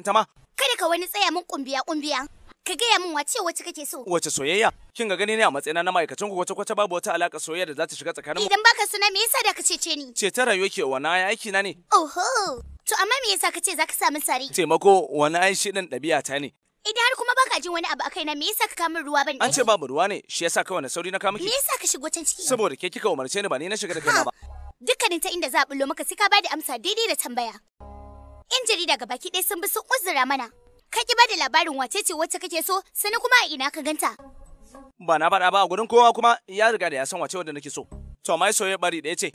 Tantama. Kada ka wani tsaya mun kumbiya kumbiya. Ka gaya min wace wace kake so. Wace soyayya? Kin ga gani ne a matsayina na ma'aikacin ku wace kwata babu wata alaka soyayya da za ta shiga tsakanin Idan baka suna me yasa da ka cece ni? Ce ta rayuwa ke wani ai aiki na ne. Oho. To amma me yasa ka ce za ka samu sari? Taimako wani ai shi din ɗabi'a ta ne. Idan har kuma baka jin wani abu akai na me yasa ka kama ruwa bane? An ce babu ruwa ne, shi yasa kai na sauri na kama ki. Me yasa ka shigo can ciki? Saboda ke kika umarce ni ba ni na shiga da kaina ba. Dukkanin ta inda za a bullo maka sai ka bada amsa daidai da tambaya. 'yan jarida ga baki ɗaya sun bi sun uzura mana. Ka ki bada labarin wace ce wacce kake so, sani kuma a ina ka ganta. Ba na faɗa ba a gurin kowa kuma ya riga da ya san wace wadda nake so. To mai soye bari da ce.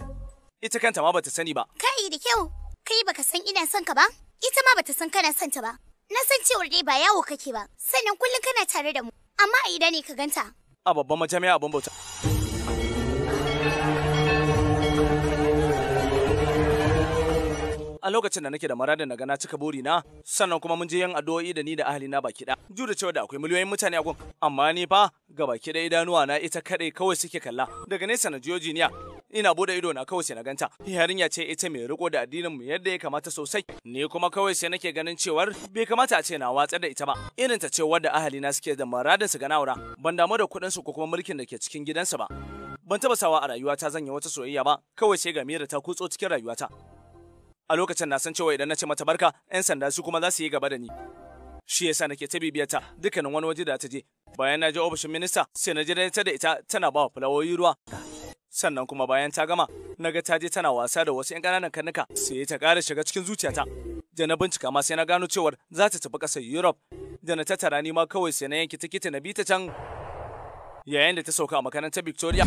Ita kanta ma bata sani ba. Kai da kyau. Kai baka san ina son ka ba? Ita ma bata san kana son ta ba. Na san cewar dai ba yawo kake ba, sannan kullum kana tare da mu. Amma a ina ne ka ganta. A babban majami'a a bauta. a lokacin da nake da maradin na gana cika buri na sannan kuma mun je yan addu'o'i da ni da ahli na baki da cewa da akwai miliyoyin mutane a gun amma ni fa ga baki da idanuwa na ita kadai kawai suke kalla daga nesa na jiyo jiniya ina bude ido na kawai sai na ganta yarinya ce ita mai riko da addinin mu yadda ya kamata sosai ni kuma kawai sai nake ganin cewar bai kamata a ce na watsar da ita ba irin ta ce wadda ahali na suke da maradin su ga naura ban damu da kuɗin su ko kuma mulkin da ke cikin gidansa ba ban taba sawa a rayuwata zan yi wata soyayya ba kawai sai ga ta kutso cikin rayuwata a lokacin na san cewa idan na ce mata barka 'yan sanda su kuma za su yi gaba da ni shi yasa nake ta bibiyarta dukkanin wani waje da ta je bayan na je ofishin minista sai na je ita da ita tana ba fulawoyi ruwa sannan kuma bayan ta gama na ga ta je tana wasa da wasu 'yan ƙananan karnuka sai ta ƙara shiga cikin zuciyata da na bincika ma sai na gano cewar za ta tafi ƙasar europe da na tattara ni ma kawai sai na yanke tikiti na bi ta can yayin da ta sauka a makarantar victoria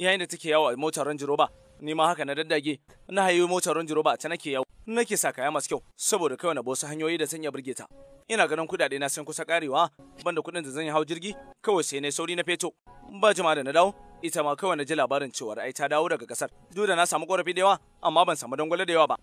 yayin da take yawo a motar range rover ni ma haka na daddage na hayo motar Range Rover ta nake yau nake sa kaya masu kyau saboda kawai na bosu hanyoyi da sanya burge ta ina ganin kudade na san kusa karewa banda kudin da zan yi hau jirgi kawai sai na sauri na feto ba jima da na dawo ita ma kawai na ji labarin cewa ai ta dawo daga kasar duk na samu korafi da yawa amma ban samu dangwale da yawa ba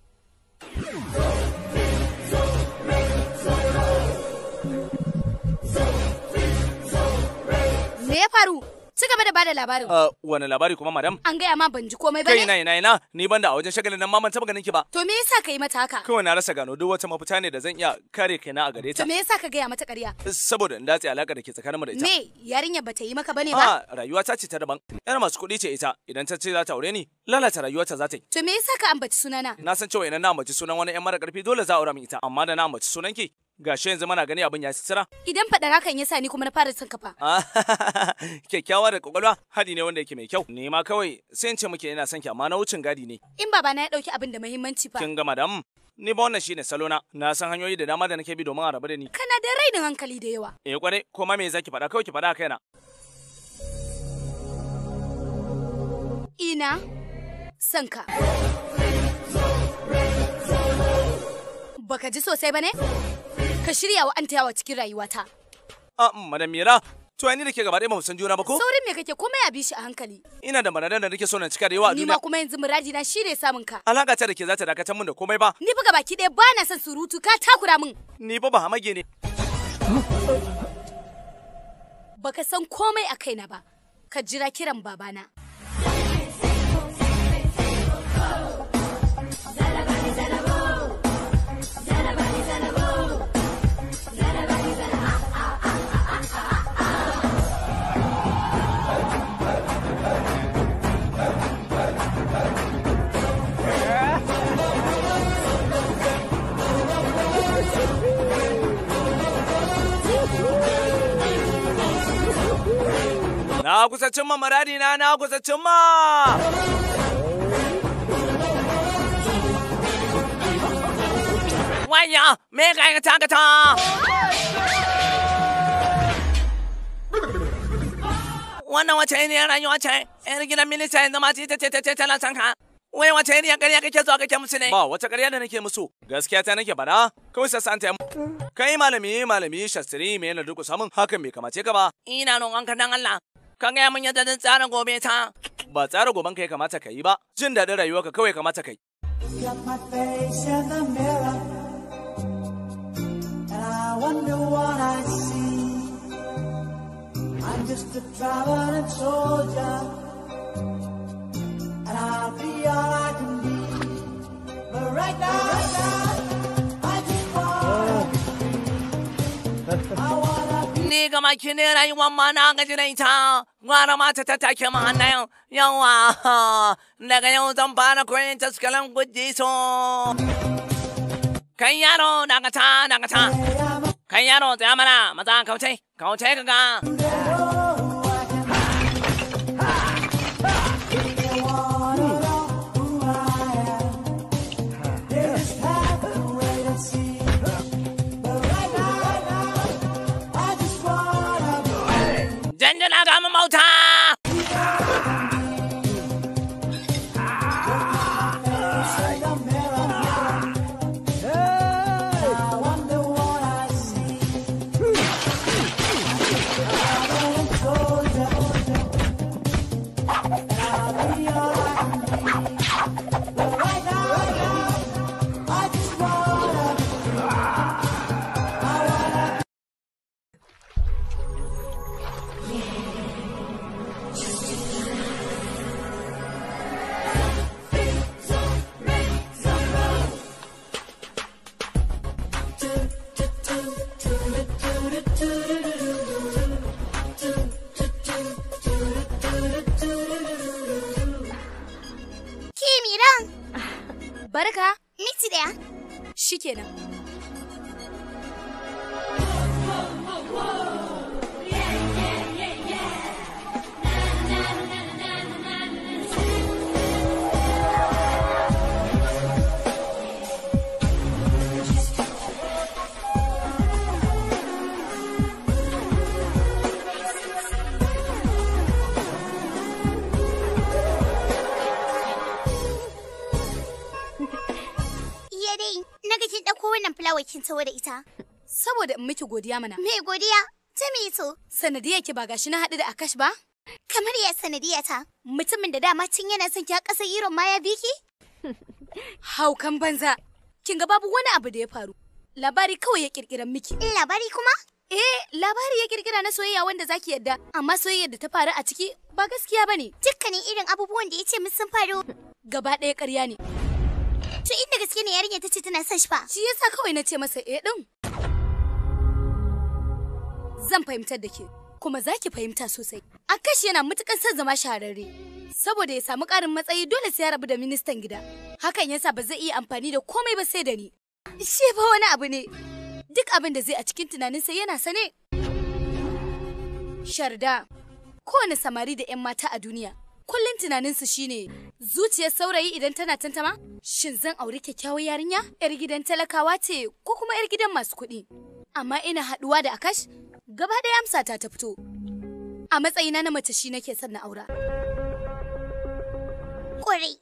me ya faru Ci gaba da bada labarin. Ah, wani labari kuma madam? An gaya ma ban ji komai ba ne? Kai na ina ni ban da a wajen shagalin nan maman ta taba ganin ki ba. To me yasa ka yi mata haka? Kai na rasa gano duk wata mafita ne da zan iya kare kai na a gare ta. To me yasa ka gaya mata ƙarya? Saboda in datse alaka da ke tsakaninmu da ita. Me yarinya bata yi maka bane ba? A ah, rayuwa ta ce ta daban. Yar masu kuɗi ce ita idan ta ce za ta aure ni lalata rayuwa ta za ta yi. To me yasa ka ambaci sunana? Na san cewa ina na ambaci sunan wani ƴan mara ƙarfi dole za a aura min ita amma da na ambaci sunan ki gashi yanzu mana gani abin ya sisira. Idan fada kan ya sa ni kuma na fara son kafa. Ah, kyakkyawa da kwakwalwa hadi ne wanda yake mai kyau. Ni ma kawai sai in ce muke ina son ki amma na wucin gadi ne. In baba na ya ɗauki abin da muhimmanci fa. Kin gama da Ni ba wannan shine salona. Na san hanyoyi da dama da nake bi domin a rabu da ni. Kana da rainin hankali da yawa. Eh kwarai ko ma me zaki faɗa kawai ki faɗa kaina. Ina son ka. Baka ji sosai ba ne? Ka shirya wa anta yawa cikin rayuwata. A ah, mm, madam Mira, to ni da ke gaba ɗaya san juna ba ko? Saurin me kake komai a bishi shi a hankali. Ina da manadan da nake so na cika da yawa a duniya. Ni ma kuma yanzu muradi na ne samun ka. Alaka ta da ke za ta dakatar min da komai ba. Ni fa gaba ki ɗaya ba na son surutu ka takura min. Ni fa ba hamage ne. Baka san komai a kaina ba. Ka jira kiran babana. Na kusa cimma maradi na na kusa cimma. Wanya, me ka taka ta. wannan wace ne rayuwa ce yar gidan minista yanzu ma ta ta ta ta tana son ka wai wace ne ƙarya kake zuwa kake musu ne ba wace ƙarya da nake musu gaskiya ta nake bada kawai san ta kai malami malami shastri me yana duku samun hakan bai kamace ka ba ina nan an kan Allah Ka gaya min yadda zan tsara ta. Ba tsara goben ka ya kamata ka yi ba, jin daɗin rayuwarka kawai kamata ka yi. I'm just a traveling soldier, and I'll be all I can be. But right now, right now I just want. Oh. 你个嘛去哪来？我嘛哪个那一场？我他妈特特特气嘛哪样？要啊！那个要咱爸的棍子，可能不轻松。看样罗哪个唱哪个唱？看样罗怎样嘛啦，马扎开车，开车哥哥。taho da ita? Saboda in miki godiya mana. Me godiya? Ta me to? Sanadiyar ki ba gashi na haɗu da Akash ba? Kamar ya sanadiyar ta. Mutumin da dama tun yana son ki ƙasar iron ma ya ki Haukan banza. Kin ga babu wani abu da ya faru. Labari kawai ya kirkira miki. Labari kuma? Eh, labari ya ƙirƙira na soyayya wanda zaki yadda, amma soyayyar da ta faru a ciki ba gaskiya bane. Dukkanin irin abubuwan da ya ce mun sun faru. Gaba ɗaya ƙarya ne. Tun inda gaske ne yarinya ta ce tana son shi fa. Shi yasa kawai na ce masa eh din. Zan fahimtar da ke kuma za ki fahimta sosai. Akashi yana matukar son zama shahararre. Saboda ya samu karin matsayi dole sai ya rabu da ministan gida. Hakan yasa ba zai iya amfani da komai ba sai da ni. Shi fa wani abu ne. Duk abin da zai a cikin tunaninsa yana sane. Sharda, kowane samari da 'yan mata a duniya kullum tunaninsu shine zuciyar saurayi idan tana tantama shin zan auri kyakkyawar yarinya yar gidan talakawa ce ko kuma yar gidan masu kuɗi amma ina haɗuwa da akash gaba ɗaya amsa ta ta fito a matsayina na mace shi nake son na aura ƙwarai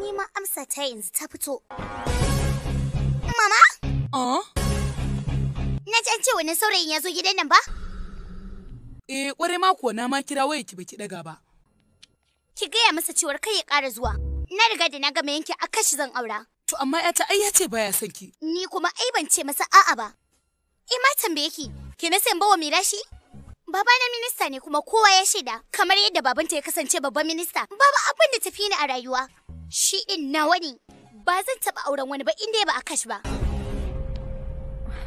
ni ma amsa ta yanzu ta fito mama uh? na ji an ce wani saurayin ya zo gidan nan ba eh ƙwarai ma kuwa na ma kira waya ki baki ɗaga ba Ki gaya masa cewa kai ya kara zuwa. Na riga da na gama yanke a kashi zan aura. To amma ta ai ya ce baya son ki. Ni kuma ai ban ce masa a'a ba. Ima eh, tambaye ki, ki na sayan bawa mirashi? Baba na minista ne kuma kowa ya shaida kamar yadda babanta ya kasance babban minista. Baba abin da tafi ni a rayuwa. Shi din nawa ne. Ba zan taɓa auren wani ba inda ba a kash ba.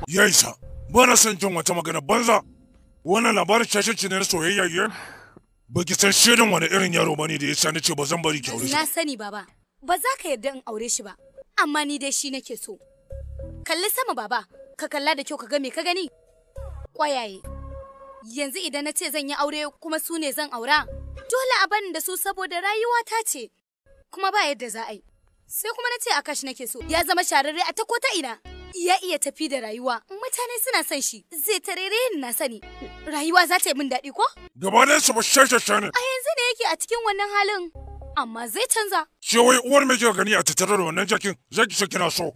Yaisa, ba na son jin wata magana banza. Wannan labarin shashanci ne na soyayya Ba ki san shirin wani irin yaro bane da ya sa nace ce ba zan bari ki aure shi. Na sani baba. Ba za ka yarda in aure shi ba. Amma ni dai shi nake so. Kalli sama baba, ka kalla da kyau ka ga me ka gani. Ƙwayaye. Yanzu idan na ce zan yi aure kuma su ne zan aura. Dole a bani da su saboda rayuwa ta ce. Kuma ba yadda za a yi. Sai kuma na ce a kashi nake so. Ya zama shararre a ta ko ta ina. ya iya tafi da rayuwa mutane suna son shi zai tarere ni na sani rayuwa za ta yi min daɗi ko gaba da su ba ne a yanzu ne yake a cikin wannan halin amma zai canza shi wai uwar mai kika gani a tattare da wannan jakin zai kisa kina so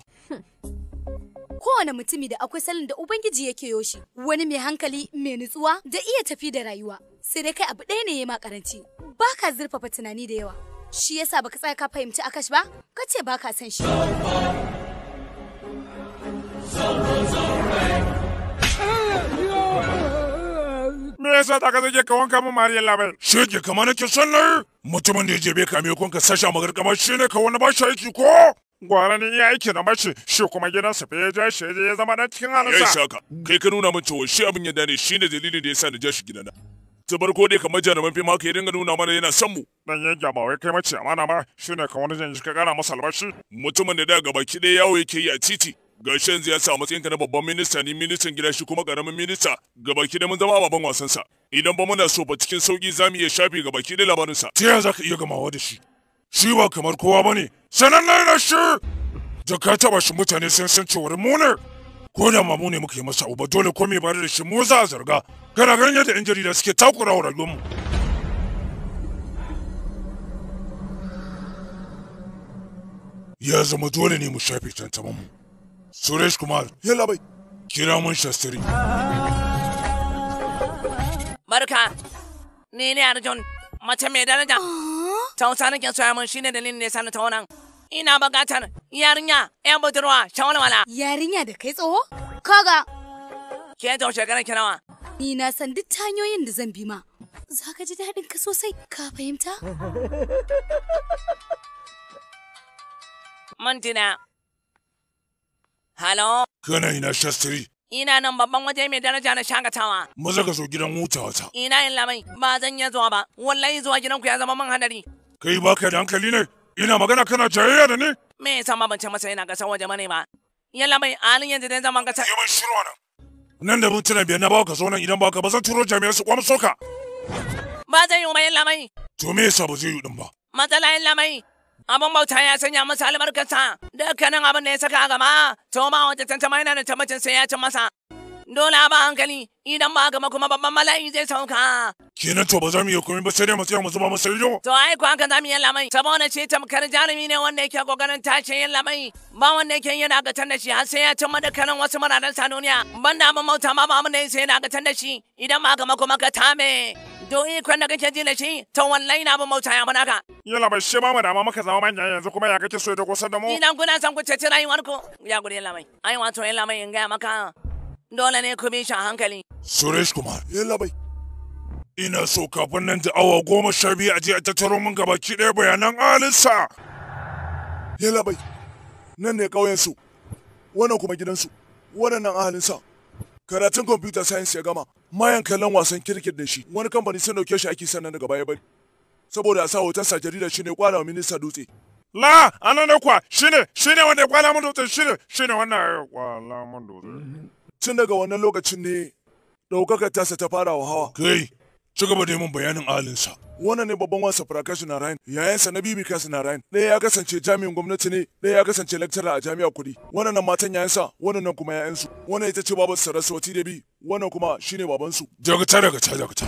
kowane mutumi da akwai salin da ubangiji yake yoshi wani mai hankali mai nutsuwa da iya tafi da rayuwa sai dai kai abu ɗaya ne ya ma karanci ba ka zurfafa tunani da yawa shi yasa baka tsaya ka fahimci akash ba ka ce ba ka san shi Me yasa ta kaza je ka wanka min Mariya labai? Shege kama nake son nan? Mutumin da ya jebe ka me kun ka sasha magarkama shi ne ka wani ba shi aiki ko? Gwara ne ya aiki na mace shi kuma gidansa fa ya ja shi ya zama na cikin halinsa. Ya shaka kai ka nuna min cewa shi abin ya shi ne dalilin da yasa na ja shi gidana. ta barko dai kamar jaruman ma haka ya dinga nuna mana yana son mu. Dan yanga ba wai kai mace amana ba Shi shine ka wani janji ka gana masa albashi. Mutumin da da gaba ki ɗaya yawo yake yi a titi gashi yanzu ya samu matsayinka na babban minista ni ministan gida shi kuma karamin minista ga baki da mun zama baban sa idan ba muna so ba cikin sauki za mu iya shafe baki da labarin sa. sai za ka iya gamawa da shi shi ba kamar kowa bane ne sanannan na shi da ka taba shi mutane sun san cewar mu ne ko da ma mu ne muka yi masa uba dole ko mai bayar da shi mu za a zarga kana ganin yadda yan jarida suke takura wa mu ya zama dole ne mu shafe tantamanmu. Suresh Kumar. yalla bai kira mun shastri barka ni ne arjun mace mai daraja tausa nake soya mun shine dalilin da sani na wannan. ina bukatar yarinya yan budurwa wala. yarinya da kai tsoho kaga ke ta shekara ki nawa ni na san duk ta hanyoyin da zan bi ma za ka ji daɗin ka sosai ka fahimta mantina Halo? Kana ina shastri? Ina nan babban waje mai daraja na shakatawa. Maza ka zo gidan hutawata. Ina yin lamai, ba zan iya zuwa ba. Wallahi zuwa gidanku ya zama man hadari. Kai ba ka da hankali ne? Ina magana kana jayayya da ni? Me yasa ma ban ce masa ina gasar waje mane ba? Ya lamai a halin yanzu dai zaman gasar. Yaman shiru nan. Nan da mutuna biyar na bawa ka zo nan idan baka ba zan turo jami'an su kwamso ka. Ba zan yi wa yin lamai. To me yasa ba zai yi din ba? Matsala yin lamai. abin bauta ya sanya masa albarkarsa dukkanin abin da ya saka a to ma wata tantama yana da tabbacin sai ya ci masa dole ba hankali idan ba gama kuma babban mala'i zai sauka kenan to ba za mu iya komai ba sai dai mu tsaya mu zuba masa ido to ai ko haka za mu yi lamai saboda ce tamkar jarumi ne wanda yake kokarin tace yin lamai ba wanda yake yana gatar da shi har sai ya cimma dukkanin wasu muradan sanoniya banda abin bauta ma ba mu ne sai yana gatar da shi idan ba gama kuma ka tame to in kwan da kake jina da shi to wallahi na ba mautaya ba ka yalla bai shi ba mu dama muka zama manyan yanzu kuma ya kake so da kusa da mu idan kuna san ku cece rayuwar ku ya gure yalla mai ai wato yalla mai in ga maka dole ne ku bi shi hankali suresh kumar yalla bai ina so kafin nan da awa goma sha biyu a je a tattaro min gabaki ɗaya bayanan alinsa yalla bai nan ne ƙauyensu wannan kuma gidansu waɗannan ahalinsa karatun computer science ya gama mayan kallon wasan kirkit din shi wani kamfani sun dauke shi aiki sannan daga baya bari saboda a sa hotar sa jarida shine kwala wa minista dutse la anan ne kwa shine shine wanda kwala mun dutse shine shine wannan kwala mun dutse tun daga wannan lokacin ne daukakar tasa ta fara wa hawa kai ci gaba da mun bayanin alinsa wannan ne babban farakashi na Narayan yayansa na Bibi na Narayan ɗaya ya kasance jami'in gwamnati ne ɗaya ya kasance lecturer a jami'a kuɗi wannan matan yayansa wannan nan kuma yayansu wannan ita ce babar Saraswati bi wannan kuma shine babansu jagata jagata jagata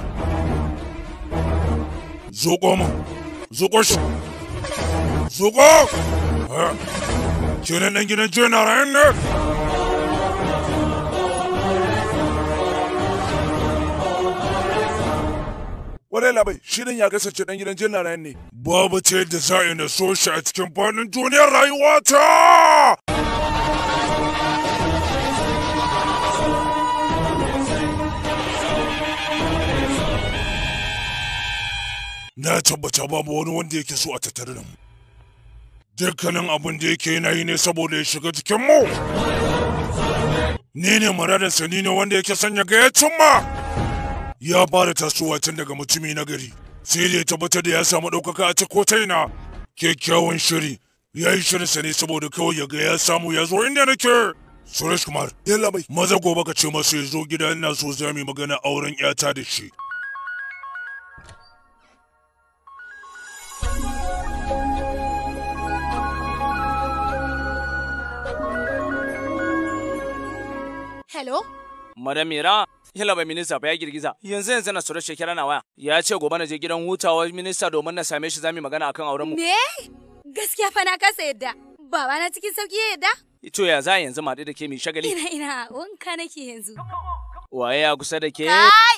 zoko mu zoko shi zoko ha ah. ne nan gidan Narayan ne Kwarai labai, shirin ya gasa dan gidan jin larayen ne. Babu ce da za a na soshi a cikin faɗin duniyar rayuwata! Na tabbata babu wani wanda yake so a tattare da Dukkanin abin da yake yana yi ne saboda ya shiga cikin mu. Ni ne muradarsa ni ne wanda yake sanya gaya ma. ya fara tasowa tun daga mutumi na gari sai da ya tabbatar da ya samu ɗaukaka a ta kotaina kyakkyawan shiri ya yi shirinsa ne saboda kawai ya ga ya samu ya zo inda nake suresh kumar yalla mai maza gobe ka ce masa ya zo gida ina so za mu magana auren 'yata da shi Hello? madamira yala bai minista ba ya girgiza yanzu yanzu na sura shekara na waya ya ce gobe na je gidan hutawa minista domin na same shi zamu magana akan auren mu me gaskiya fa na kasa yadda baba na cikin sauki ya yadda to ya za yanzu ma da ke mi shagali ina ina wanka nake yanzu waye ya kusa da ke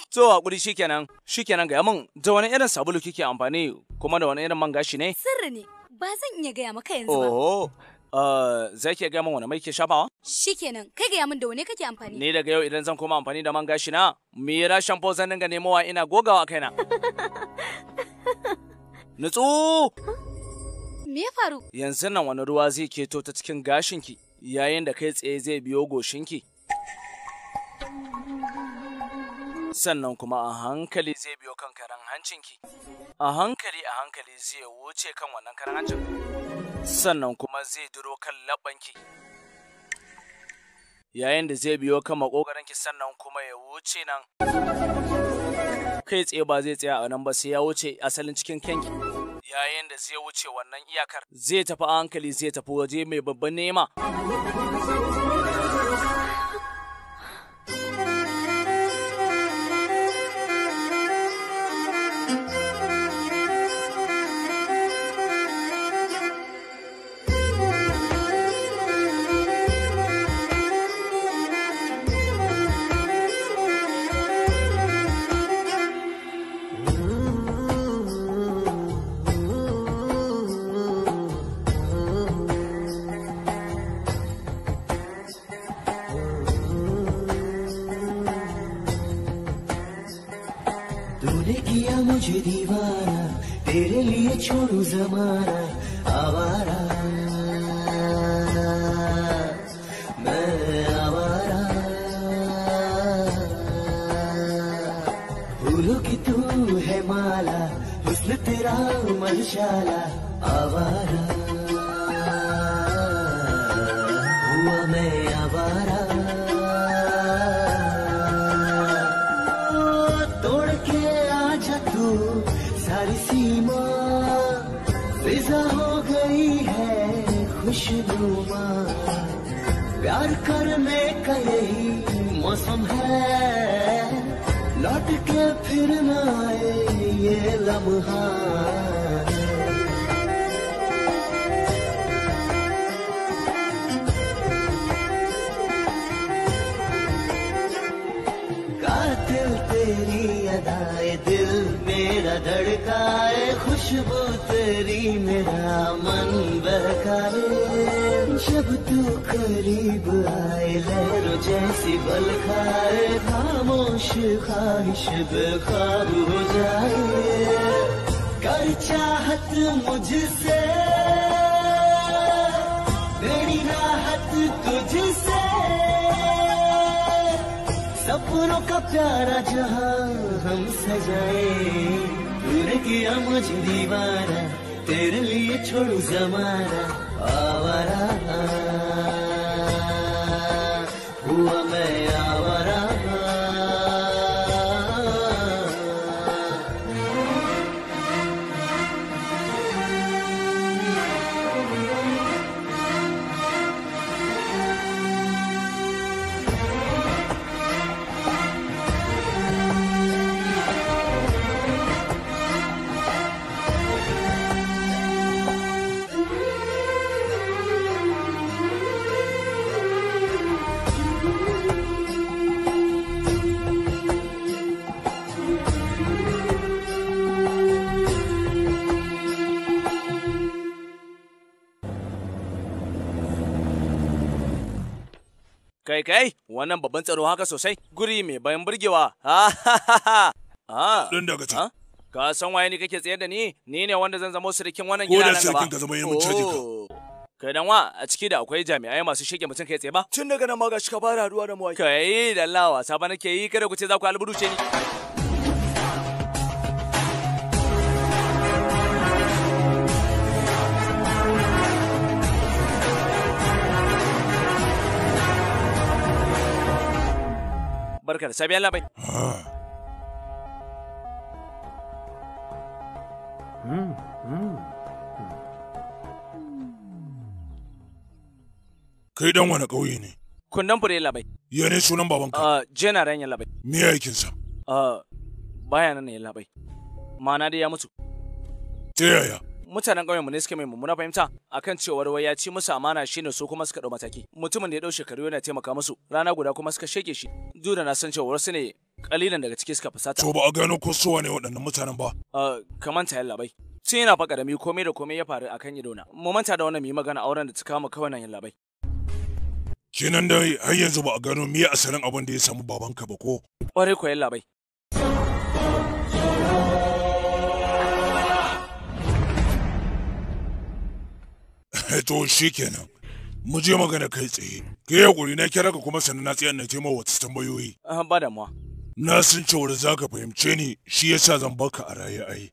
to hakuri shikenan shikenan ga mun da wani irin sabulu kike amfani kuma da wani irin man gashi ne sirri ne ba zan iya gaya maka yanzu ba Eh, zai ke gaya min wani mai ke shafawa? Shikenan, kai gaya min da wani kake amfani. Ni daga yau idan zan koma amfani da man gashi na, mira shampoo zan dinga nemowa ina gogawa kaina. Nutsu! Me ya faru? Yanzu nan wani ruwa zai keto ta cikin gashinki, yayin da kai tsaye zai biyo goshinki. Sannan kuma a hankali zai biyo kan karan hancinki. A hankali a hankali zai wuce kan wannan karan hancinki. sannan kuma zai duro kan labanki yayin da zai biyo kan makogaranki sannan kuma ya wuce nan kai tsaye ba zai tsaya a nan ba sai ya wuce asalin cikin kyanki yayin da zai wuce wannan iyakar zai tafi a hankali zai tafi waje mai babban nema mưa Kai kai, wannan babban tsaro haka sosai, guri mai bayan burgewa. Ɗan daga can. Ka san waye ni kake tsayar da ni? Ni ne wanda zan zama surukin wannan gida nan gaba. Ko da sirikin ka zama yamin caji ka. Oh. Kai dan wa a ciki da akwai jami'ai masu shige mutum kai tsaye ba? Tun daga nan ma gashi ka fara haduwa da mu. Kai da Allah wasa ba ke yi kada ku ce za ku alburuce ni. barka da safiya labai kai dan wani ƙauye ne kundan fure labai ya ne sunan babanka uh, ah, jena ranya labai me aikinsa uh, baya nan ne labai ma'ana dai ya mutu ta yaya mutanen ƙauyen mu ne suke mai mummuna fahimta akan cewar wai ya ci musu amana shine su kuma suka ɗau mataki mutumin da ya ɗau shekaru yana taimaka musu rana guda kuma suka sheke shi duk da na san cewar su ne kalilan daga ciki suka fusata to ba a gano ko su ne waɗannan mutanen ba a kaman ta yalla bai tun yana faƙa da mi komai da komai ya faru akan na mu manta da wannan mu yi magana auren da ta kama kawai nan yalla bai kenan dai har yanzu ba a gano me asalin abin da ya samu babanka ba ko ƙwarai ko yalla bai Eh, to shi kenan. Mu je magana kai tsaye. Ke ya guri na kira ka kuma sannan na tsayar na ce ma wata tambayoyi. Ba damuwa. Na san cewa za ka fahimce ni shi yasa zan baka a raye ai.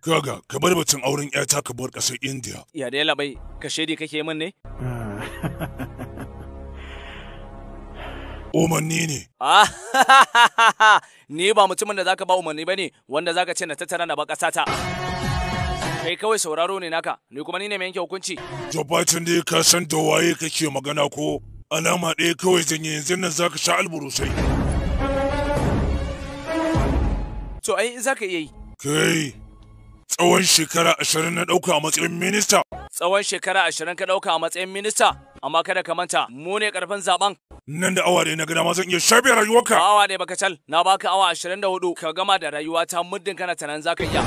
Kaga, ka bar batun auren ƴata ka bar ƙasar India. Ya dai labai, ka shaidi kake min ne? umarni ne. Ah, ni ba mutumin da zaka ba umarni ba ne wanda zaka ce na tattara na ba ƙasata. kai kawai sauraro ne naka ni kuma ni ne mai yanke hukunci jabacin dai ka san da waye kake magana ko alama ɗaya kawai zan yi yanzu nan zaka sha alburusai to ai in zaka iya yi kai tsawon shekara ashirin na ɗauka a matsayin minista tsawon shekara ashirin ka ɗauka a matsayin minista amma kada ka manta mu ne karfin zaben nan da awa ɗaya na gada ma zan iya shafe rayuwarka awa ne baka cal na baka awa ashirin da hudu ka gama da rayuwa ta muddin kana tanan zaka iya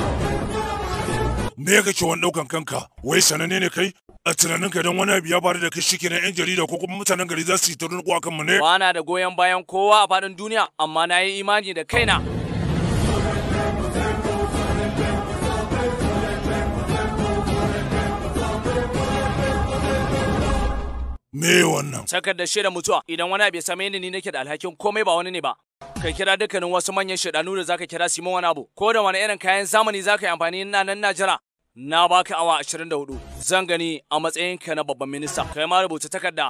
me kake wani ɗaukan kanka wai sananne ne kai a tunaninka don wani abu ya faru da kai shi kenan yan jarida ko kuma mutanen gari za su yi ta rinƙo akan mu ne ba na da goyon bayan kowa a faɗin duniya amma na yi imani da kaina Me wannan? Sakar da shirin mutuwa idan wani abu ya same ni ni nake da alhakin komai ba wani ne ba. Ka kira dukkanin wasu manyan shaidanu da zaka kira Simon wani abu ko da wani irin kayan zamani zaka yi amfani na nan Najira na baka awa 24 zan gani a matsayinka na babban minista kai ma rubuta takarda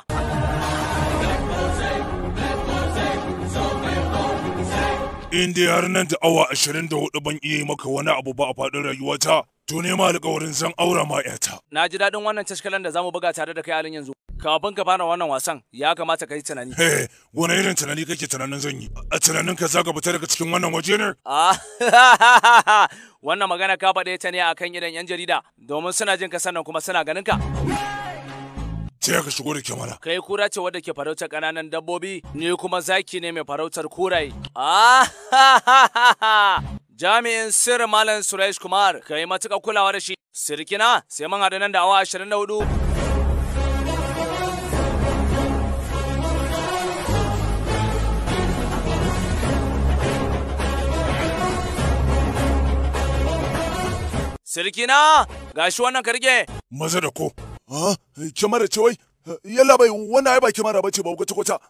in dai har nan da awa 24 ban iya yi maka wani abu ba a faɗin rayuwata To ne ma alƙawarin zan aura ma ƴata. Na ji daɗin wannan tashkalan da zamu buga tare da kai halin yanzu. Kafin ka fara wannan wasan ya kamata ka yi tunani. He, wani irin tunani kake tunanin zan yi? A tunanin ka zaka fita daga cikin wannan waje ne? Ah, wannan magana ka faɗe ta ne akan idan 'yan jarida domin suna jin ka sannan kuma suna ganin ka. Ce ka shigo da kyamara. Kai kura ce wadda ke farautar ƙananan dabbobi, ni kuma zaki ne mai farautar kurai. Ah! jami'in sirri malam Suresh Kumar ka yi matuƙa kulawa da shi sirkina sai mun haɗu nan da awa 24 Sirkina, shi wannan karge. Maza da ko. Ha? Kyamara ce wai? Yalla bai wannan ai ba kyamara bace ba kwata-kwata.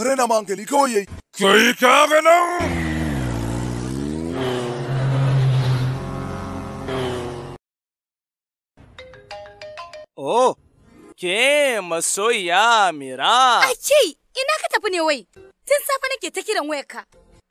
Rena ma hankali kawai yayi. Kai ka ga nan. Oh, ke masoyiya Mira. Ake, ina ka tafi ne wai? Tun safe nake ta kiran wayarka.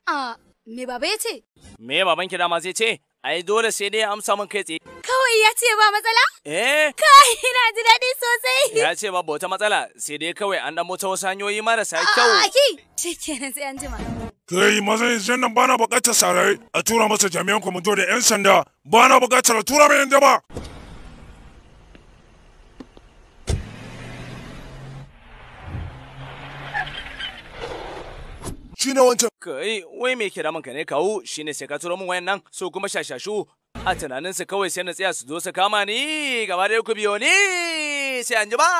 Ah, me baba ya ce? Me baban ki dama zai ce? Ai dole sai dai amsa min kai tsaye. Kawai ya ce ba matsala? Eh. Kai ina ji daɗi sosai. Ya ce ba bauta matsala sai dai kawai an dan mota wasu hanyoyi marasa kyau. ake ki shikenan sai an jima. Kai maza yanzu nan bana buƙatar sarai a tura masa jami'an kwamito da 'yan sanda bana buƙatar a tura mai yan jama'a. Shi ne wancan. Kai, wai me ke damun ka ne kawo shi ne sai ka turo min wayan nan so kuma shashashu a tunaninsa kawai sai na tsaya su zo su kama ni gaba da ku biyo ni sai an ji ba.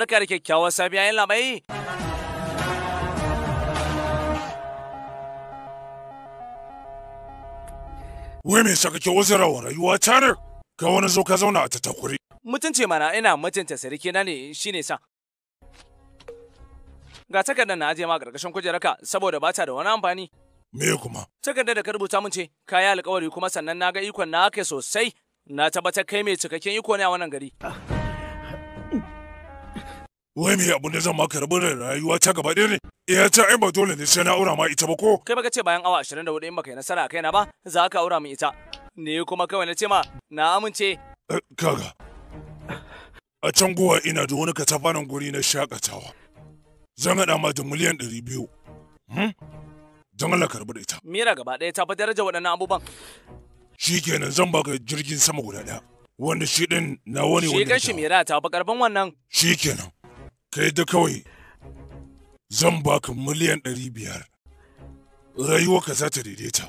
albarkar da kyakkyawar safiya yin labai. Wai mai saka ke wasu rawar rayuwa tanar? Ga wani zo ka zauna a ta takuri. Mutunce mana ina mutunta sarki na ne ne sa. Ga takardar na ajiye ma ƙarƙashin kujeraka saboda ba ta da wani amfani. Me kuma? Takardar da ka rubuta mun ce, ka yi alƙawari kuma sannan na ga ikon na haka sosai. Na tabbatar kai mai cikakken iko ne a wannan gari. Wai me abin da zan maka rabu rayuwa ta gaba ɗaya ne? Iya ta ai ba dole ne sai na aura ma ita ba ko? Kai baka ce bayan awa 24 in baka yi nasara a kaina ba, za ka aura min ita. Ni kuma kawai na ce ma na amince. Eh, kaga. A can guwa ina da wani katafaren guri na shakatawa. Zan haɗa ma da miliyan ɗari biyu. Hmm? Don Allah karɓi da ita. Mira gaba ɗaya ta fi daraja waɗannan abubuwan. Shi kenan zan baka jirgin sama guda ɗaya. Wanda shi ɗin na wani wani. Shi kan shi mira ta fi ƙarfin wannan. Shi kenan. ka da kawai zan baka miliyan ɗari biyar rayuwarka za ta daidaita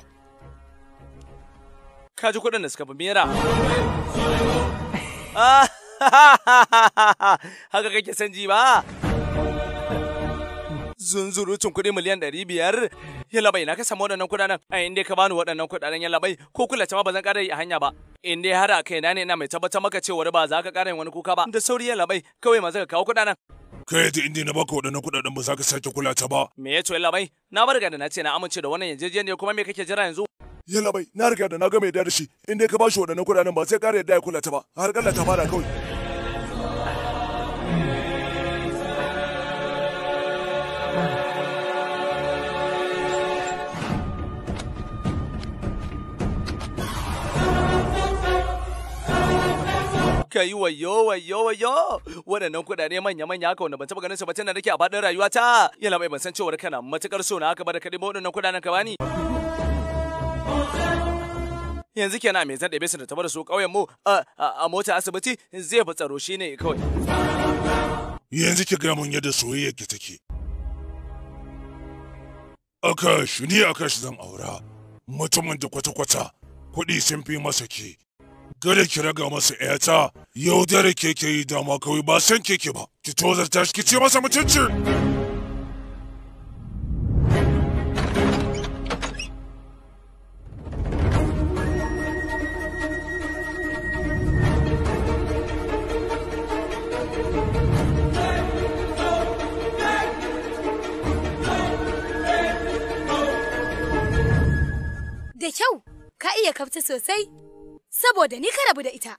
ka ji kuɗin da suka fi mera haka kake san ji ba zunzurutun kuɗi miliyan ɗari biyar yalla bai na ka samu waɗannan kuɗaɗen a inda ka bani waɗannan kuɗaɗen yalla bai ko kula ma ba zan ƙara yi a hanya ba in dai har a na ne ina mai tabbatar maka cewa ba za ka ƙara yin wani kuka ba da sauri yalla bai kawai ma zaka kawo kuɗaɗen Kai ta indi na baka waɗannan kuɗaɗen ba za ka sake kula ta ba. Me ya ce labai? Na bar da na ce na amince da wannan ne kuma me kake jira yanzu? Ya labai, na riga da na ga mai da shi. In dai ka ba shi waɗannan kuɗaɗen ba sai ƙara yadda ya kula ta ba. Har ƙalla ta fara kawai. Kai yi wayo wayo wayo waɗannan kuɗaɗe manya manya haka wanda ban taɓa ganin su ba tana nake a faɗin rayuwa ta yana mai ban san cewar kana matukar so na haka ba da kaɗai ba waɗannan kuɗaɗen ka bani. yanzu kenan me zan ɗebe su da tabar su ƙauyen mu a mota asibiti zai fi tsaro shi ne kawai. Yanzu ki mun yadda soyayya ki take. Akash, ni Akash zan aura, mutumin da kwata-kwata kuɗi sun fi masa ke, Kada ki raga masa ‘yata, yau dare keke yi dama kawai ba san keke ba, ki tozarta shi ki ce masa mutunci. da kyau ka iya kafta sosai saboda ni ka rabu da ita,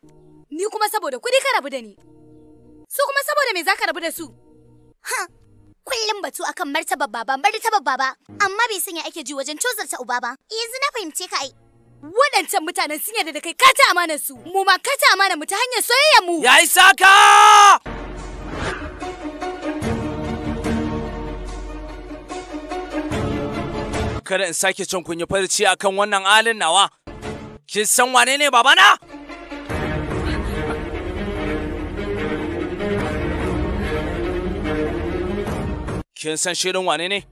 ni kuma saboda kudi ka rabu da ni. Su kuma saboda me za ka rabu da su? Ha, kullum batu akan martabar baba, martabar baba, amma bai sanya ake ji wajen cozarta uba ba. Yanzu na fahimce ka ai. Waɗancan mutanen sun yarda da kai ka ta amanar su, mu ma ka ta amanar mu ta hanyar soyayyar mu. Yayi saka! kada in sake cin kunya farci akan wannan alin nawa. Kin san wane ne babana? Kin san shirin wane ne?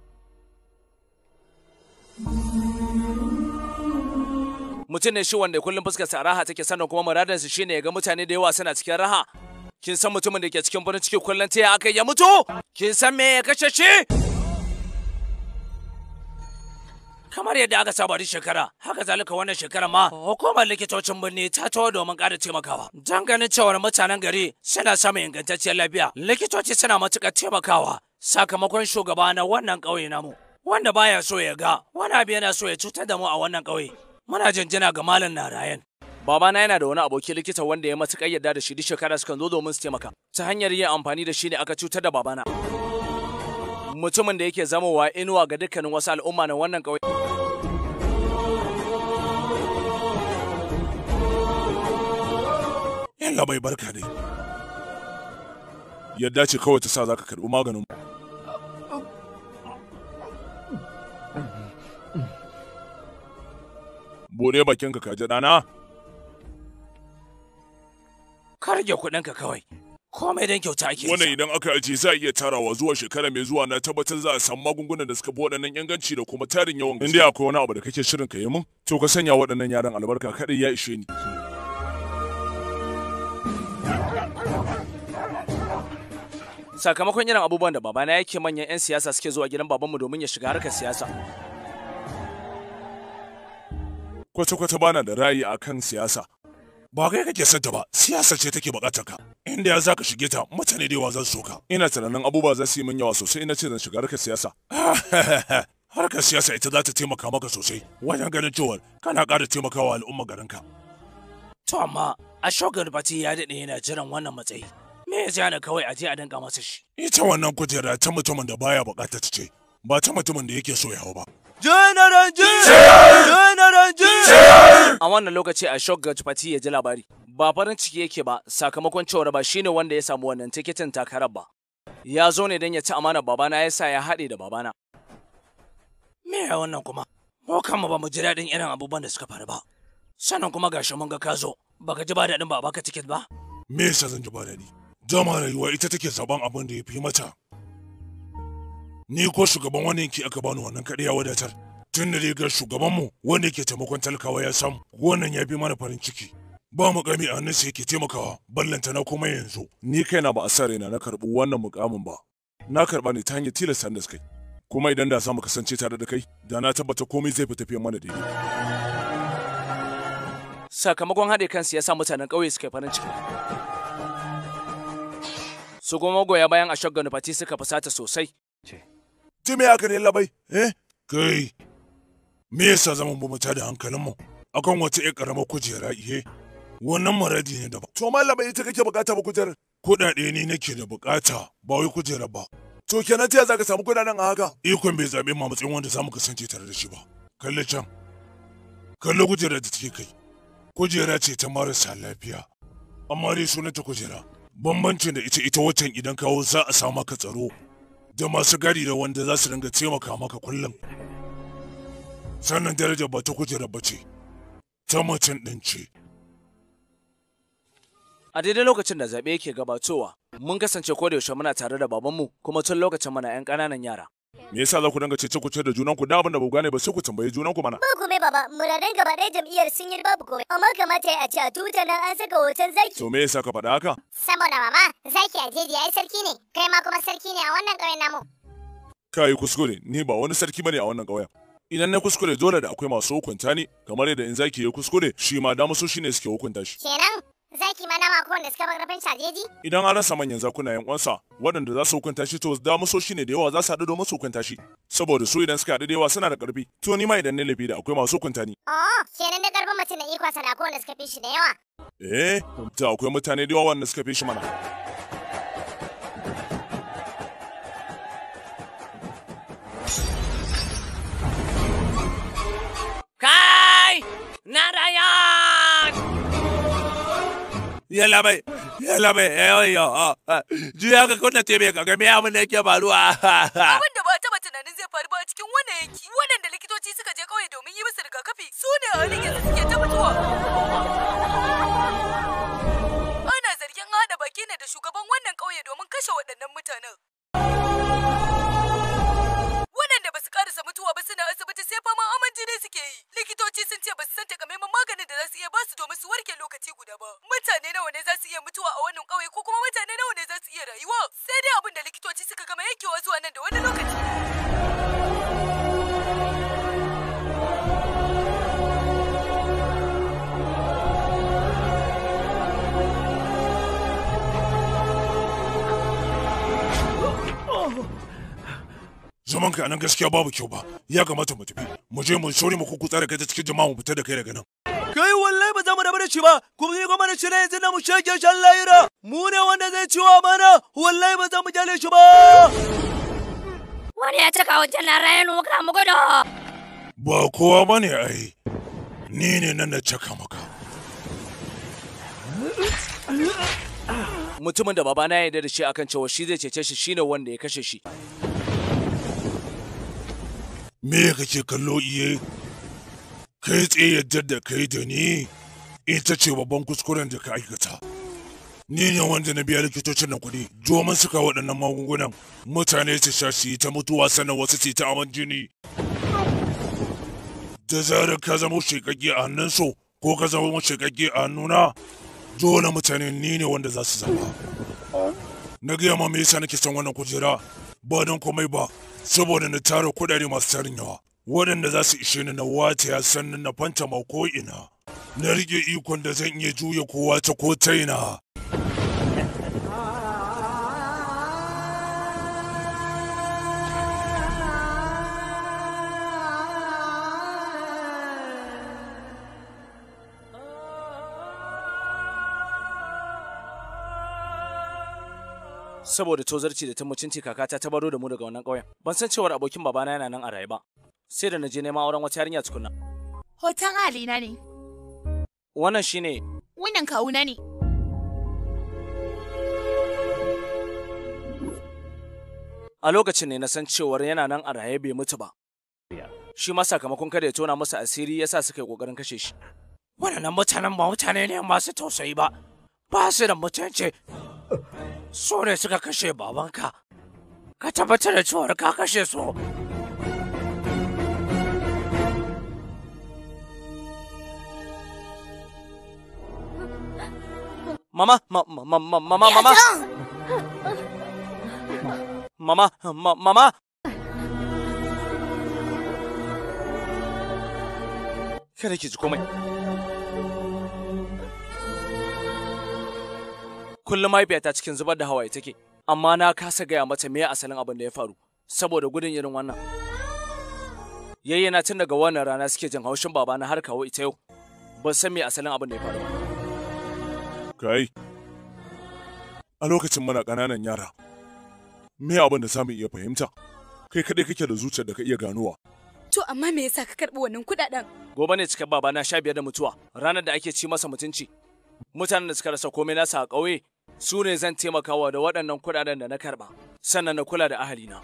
Mutum ne shi wanda kullum fuskarsa raha take sannan kuma muradarsa shine ya ga mutane da yawa suna cikin raha. Kin san mutumin da ke cikin farin ciki kullum ta ya ya mutu? Kin san me ya kashe shi? kamar yadda aka saba duk shekara haka zalika wannan shekara ma hukumar likitocin birni ta tawo domin ƙara taimakawa don ganin cewar mutanen gari suna samun ingantacciyar lafiya likitoci suna matuƙar taimakawa sakamakon shugaba na wannan ƙauye namu wanda baya so ya ga wani abu yana so ya cutar da mu a wannan ƙauye muna jinjina ga malam narayan Babana yana da wani aboki likita wanda ya matuƙar yarda da shi duk shekara sukan zo domin su taimaka ta hanyar yin amfani da shi ne aka cutar da babana mutumin da yake zamowa inuwa ga dukkanin wasu al'umma na wannan ƙauye Allah bai barka dai yadda ce kawai ta sa za ka karɓi maganin bude bakinka ka ji ɗana ka kuɗinka kawai komai don kyauta ake wannan idan aka ajiye za a iya tarawa zuwa shekara mai zuwa na tabbatar za a samu magungunan da suka bi waɗannan inganci da kuma tarin yawan gaske inda akwai wani abu da kake shirin ka yi mun to ka sanya waɗannan yaran albarka kaɗai ya ishe ni sakamakon irin abubuwan da babana yake manyan 'yan siyasa suke zuwa gidan babanmu domin ya shiga harkar siyasa kwata-kwata bana da ra'ayi a kan siyasa ba kai kake santa ba siyasa ce take bukatar ka inda ya zaka shige ta mutane da yawa zan so ka ina tunanin abubuwa za su yi min yawa sosai ina ce zan shiga harkar siyasa harkar siyasa ita za ta taimaka maka sosai wajen ganin cewa kana ƙara taimakawa al'umma garinka to amma a Garbati ya daɗe yana jiran wannan matsayi Me ya ni kawai a je a danka masa shi. Ita wannan kujera ta mutumin da baya bukata ta ce, ba ta mutumin da yake so ya hau ba. General General A wannan lokaci a Shock ya ji labari. Ba farin ciki yake ba sakamakon cewar ba shine wanda ya samu wannan tikitin takarar ba. Ya zo ne don ya ci amana babana ya sa ya haɗe da babana. Me ya wannan kuma? Mu ba mu ji daɗin irin abubuwan da suka faru ba. Sannan kuma gashi mun ga kazo. zo. Baka ji ba daɗin ba baka tiket ba? Me yasa zan ji ba daɗi? dama rayuwa ita take zaban abin da ya fi mata ni ko shugaban wani yanki aka bani wannan kaɗai ya wadatar tun da rigar shugabanmu wanda yake taimakon talakawa ya samu wannan ya fi mana farin ciki ba mu mukami a sa yake taimakawa ballanta na kuma yanzu ni kaina ba a sa raina na karɓi wannan mukamin ba na karɓa ne ta hanyar tilasta da kai kuma idan da za mu kasance tare da kai da na tabbata komai zai fi tafiya mana daidai sakamakon haɗe kansu ya sa mutanen ƙauye suka farin ciki su kuma magoya bayan a shagga nufati suka fusata sosai. Ti me aka dilla labai? Eh? Kai, me yasa zaman ba mu da hankalinmu akan wata ƴar ƙaramar kujera ihe? Eh? Wannan maradi ne daban. To malama ita kake bukata ba kujerar? Kuɗaɗe ne nake da bukata ba wai kujera ba. To kenan ta za ka samu kuɗaɗen a haka? Ikon bai zaɓe ma matsayin wanda zamu kasance tare da shi ba. Kalli can. Kalli kujera da take kai. Kujera ce ta marasa lafiya. Amma dai sunanta kujera. bambancin da ita ita waccan idan kawo za a sa maka tsaro da masu gari da wanda za su ringa taimaka maka kullum sannan daraja ba ta kujera ba ce ta macen ɗin ce a daidai lokacin da zaɓe yake gabatowa mun kasance ko da yaushe muna tare da babanmu kuma tun lokacin muna 'yan ƙananan yara me yasa za ku dinga cece kuce da junanku da abin da ba gane ba sai ku tambaye junanku mana ba kuma baba muraren gaba ɗaya jam'iyyar sun yi babu komai amma kamata ya ce a tutar nan an saka hoton zaki to me yasa ka faɗa haka saboda mama zaki a jeji ai sarki ne kai ma kuma sarki ne a wannan ƙauyen namu kai kuskure ni ba wani sarki bane a wannan ƙauyen idan na kuskure dole da akwai masu hukunta ni kamar yadda in zaki ya kuskure shi ma da musu shine suke hukunta shi kenan Zaki ma nama ko wanda suka bar ajeji? shajeji? Idan an rasa manyan zakuna yan uwansa, waɗanda za su hukunta shi to da maso shi ne da yawa za su haɗu domin su hukunta shi. Saboda su idan suka haɗu da yawa suna da ƙarfi. To ni ma idan na lafi da akwai masu hukunta ni. Oh, kenan da ƙarfin mace na ikon sana akwai wanda suka fi shi da yawa. Eh, da akwai mutane da yawa wanda suka fi shi mana. Kai! raya! yalla mai yalla mai yayyo eh, oh, oh, eh. juya ga kunna te mai ga me abin da yake faruwa abin da ba taba tunanin zai faru ba cikin wannan yanki waɗanda likitoci suka je kauye domin yi musu rigakafi su ne a halin yanzu suke ta mutuwa ana zargin haɗa baki ne da shugaban wannan kauye domin kashe waɗannan mutanen karasa mutuwa ba suna asibiti sai fama aman jini suke yi likitoci sun ce ba su san takamaiman maganin da za su iya ba su domin su warke lokaci guda ba mutane nawa ne za su iya mutuwa a wannan ƙauye ko kuma mutane nawa ne za su iya rayuwa sai dai abin da likitoci suka gama yankewa zuwa nan da wani lokaci zaman kai nan gaskiya babu kyau ba ya kamata mu tafi mu je mu shori mu kuku tsare kai ta cikin jama'a mu fita da kai daga nan kai wallahi ba za mu rabar da shi ba kuma ni gwamnati shi ne yanzu na mu shege shan layira mu ne wanda zai ciwo mana wallahi ba za mu jale shi ba wani ya cika wajen na rayan muka mu gudu ba kowa bane ai ni ne nan na caka maka mutumin da babana ya yarda da shi akan cewa shi zai cece shi shine wanda ya kashe shi me kake kallo iye kai tsaye yadda da kai da ni ita ce babban kuskuren da ka aikata ni ne wanda na biya likitocin da kuɗi domin suka waɗannan magungunan mutane su sha su yi ta mutuwa sannan wasu su ta aman jini da zarar ka zama shekagge a hannunsu ko ka zama shekagge a hannuna dole mutane ni ne wanda za su zama na gaya ma me yasa nake son wannan kujera ba don komai ba saboda na tara kuɗaɗe masu tarin yawa waɗanda za su ishe ni na wata ya sannan na fanta ma ina na rike ikon da zan iya juya kowa ta ko ta ina saboda tozarci da ta mutunci kakata ta baro da mu daga wannan ƙauyen ban san cewar abokin babana yana nan a raye ba sai da na je neman auren wata yarinya tukunna hoton na ne wannan shine wannan na ne a lokacin ne na san cewar yana nan a raye bai mutu ba shi ma sakamakon kada ya tona masa asiri yasa suka yi kokarin kashe shi Wannan mutanen ba mutane ne masu tausayi ba ba su da mutunci su ne suka kashe babanka ka tabbatar da cewar ka kashe su Mama, mama, mama. Mama, mama. Kada ki ji komai. kullum mahaifiyata cikin zubar da hawaye take amma na kasa gaya mata me asalin abin da ya faru saboda gudun irin wannan yayyana tun daga wannan rana suke jin haushin na har kawo ita yau ban san me asalin abin da ya faru kai a lokacin muna ƙananan yara me abin da zamu iya fahimta kai kadai kake da zuciyar da ka iya ganowa to amma me yasa ka karɓi wannan kuɗaɗen gobe ne cikin na sha biyar da mutuwa ranar da ake ci masa mutunci mutanen da suka rasa komai nasa a ƙauye su ne zan taimakawa da waɗannan kuɗaɗen da na karɓa sannan na kula da ahalina.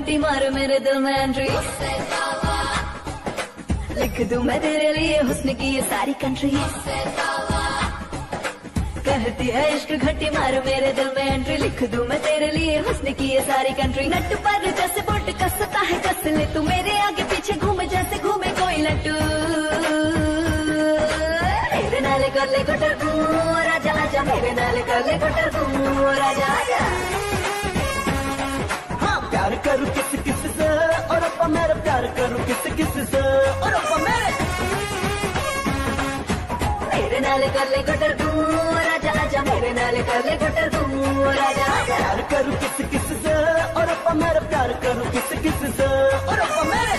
घंटी मारो मेरे दिल में एंट्री लिख दू मैं तेरे लिए हुस्न की ये सारी कंट्री कहती है इश्क घंटी मारो मेरे दिल में एंट्री लिख दू मैं तेरे लिए हुस्न की ये सारी कंट्री नट पर जैसे बोट कसता है कस ले तू मेरे आगे पीछे घूम जैसे घूमे कोई लट्टू मेरे नाले कर ले गुटर घूम राजा राजा मेरे नाले कर ले गुटर घूम राजा राजा करूं किस किस से और अपा मेरा प्यार करूं किस किस से और अपा मेरे मेरे नाल कर ले गटर तू राजा राजा मेरे नाले कर ले गटर तू राजा प्यार करूं किस किस से और अपा मेरा प्यार करूं किस किस से और अपा मेरे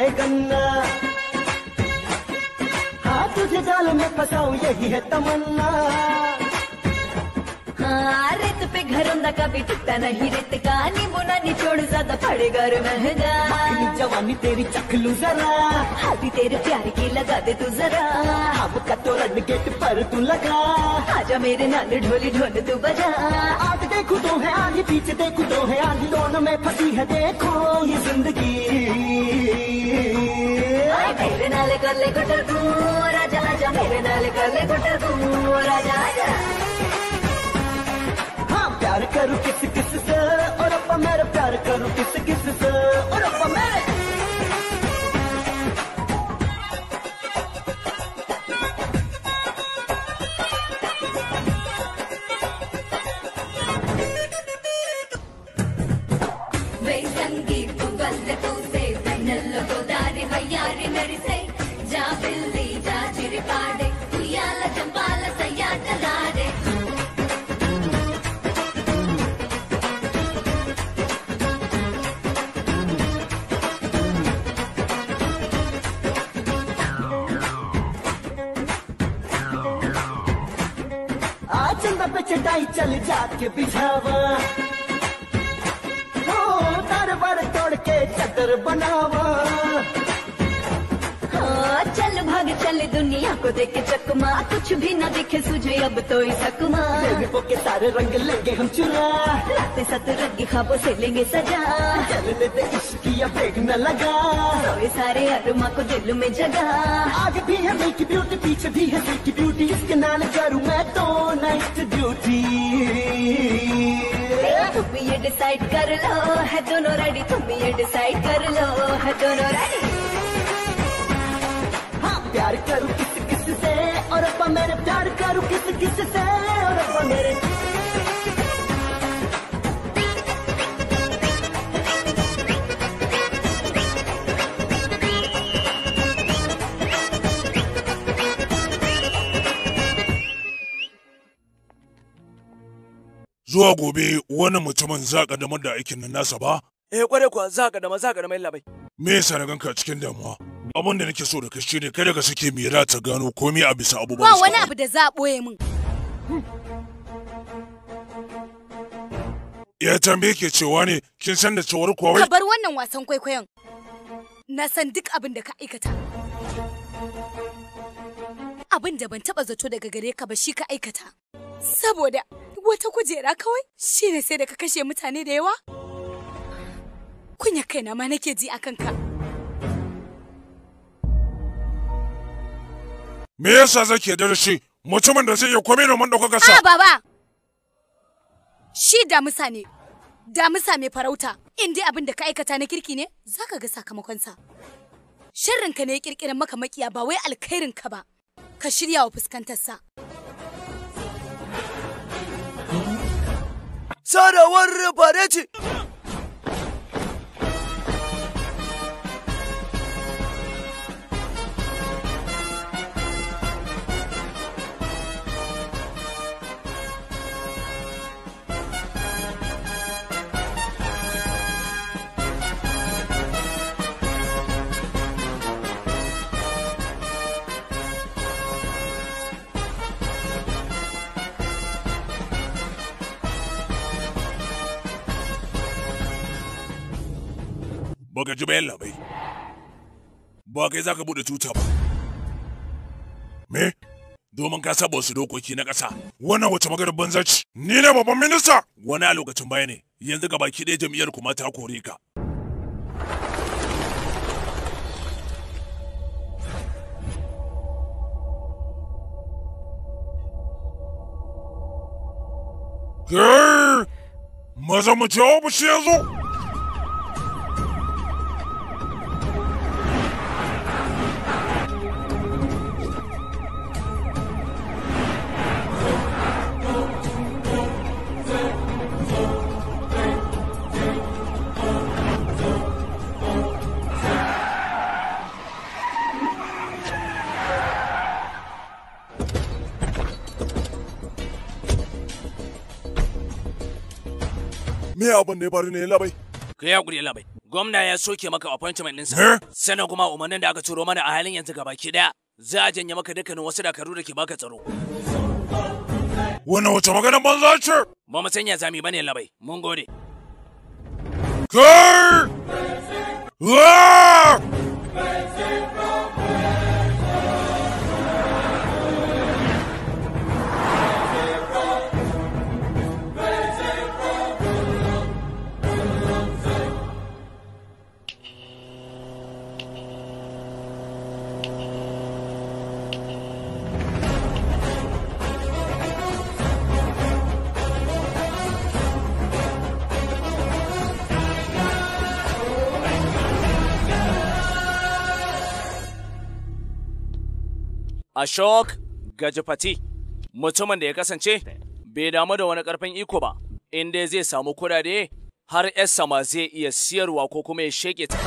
आए गन्ना हाँ तुझे जाल में फंसाऊ यही है तमन्ना हाँ रेत पे घर उमदा कभी टूटता नहीं रेत का नींबू ना निचोड़ ज्यादा पड़ेगा घर महंगा जवानी तेरी चखलू जरा हाथी तेरे प्यार की लगा दे तू जरा आपका तो रन गेट पर तू लगा आजा मेरे नाल ढोली ढोल तू बजा आग देखो तो है आगे पीछे देखो तो है आगे दोनों में फंसी है देखो ये जिंदगी मेरे नाले कर ले गुटर तू राजा राजा मेरे नाले कर ले गुटर तू राजा राजा हाँ प्यार करूँ किस किस से और अपा मेरा प्यार करूँ किस किस से और अपा मेरे को देखे चकमा कुछ भी ना दिखे सुझे अब तो ही सकमा के सारे रंग लेंगे हम चुरा रातें सतरंगी खाबो से लेंगे सजा चल इश्क न लगा तो सारे अरुमा को दिल में जगा आज भी है मेरी ब्यूटी पीछे भी है मेरी ब्यूटी इसके नाल करूँ मैं तो नाइट ड्यूटी तुम ये डिसाइड कर लो है दोनों रेडी तुम ये डिसाइड कर लो है दोनों रेडी हाँ प्यार करूँ और रब्बा मेरे प्यार किस किस से और Zuwa gobe wani mutumin za ƙaddamar da aikin nasa ba, Eh kware kuwa za ka dama za ka dama illa bai. Me yasa na ganka cikin damuwa? Abin da nake so da kai shine kada ka sake mira ta gano komai a bisa abubuwa. Ba wani abu da za a boye min. Ya tambaye ke cewa ne kin san da cewar kuwa wai. Ka bar wannan wasan kwaikwayon. Na san duk abin da ka aikata. Abin da ban taba zato daga gare ka ba shi ka aikata. Saboda wata kujera kawai shine sai da ka kashe mutane da yawa? kunya kaina ma nake ji akan ka me yasa zake da rashi mutumin da zai iya komai domin ɗaukaka sa a baba shi damisa ne damisa mai farauta in dai abin da ka aikata na kirki ne zaka ga sakamakonsa sharrinka ne ya kirkirar maka makiya ba wai alkhairinka ba ka shirya wa fuskantarsa sarawar fare ce gaji ba yalla bai ba kai za ka bude tuta ba me domin ka saba wasu dokoki na ƙasa wannan wace maganar banza ce ni ne babban minista wani a lokacin baya ne yanzu ga baki ɗaya jam'iyyar kuma ta kore ka Grrr! Maza mu jawo mu shi yanzu! me abin da ya faru ne labai ka yi hakuri labai gwamna ya soke maka appointment ɗinsa sannan kuma umarnin da aka turo mana a halin yanzu gabaki daya za a janye maka dukkanin wasu dakaru da ke baka tsaro wannan wace ban banza ce ba mu sanya zami bane labai mun gode Ah! Ashok Gajapati mutumin da ya kasance bai damu da wani karfin iko ba inda zai samu kudade har yarsa ma zai iya siyarwa ko kuma ya sheke ta.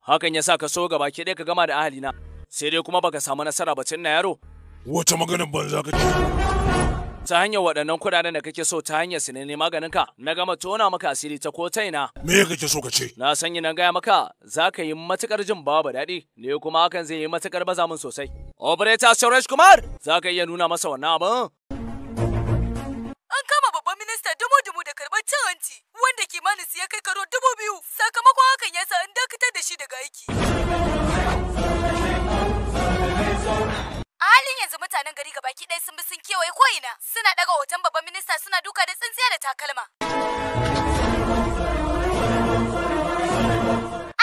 Hakan ya sa ka so gaba ki ka gama da ahalina sai dai kuma baka samu nasara ba tun na yaro. Wata maganin banza ka ce. ta hanyar waɗannan kuɗaɗen da kake so ta hanyar su ne maganin ka na gama tona maka asiri ta ko taina me kake so ka ce na sanyi nan gaya maka za ka yi matukar jin babu daɗi ne kuma hakan zai yi matukar baza min sosai operator Suresh Kumar za ka iya nuna masa wannan abin an kama babban minista dubu-dubu da karɓar cin hanci wanda kimanin su ya kai karo dubu biyu sakamakon hakan ya sa an dakatar da shi daga aiki a halin yanzu mutanen gari gabaki ɗaya sun bi sun kewaye ko'ina suna ɗaga hoton babban minista suna duka da tsintsiya da takalma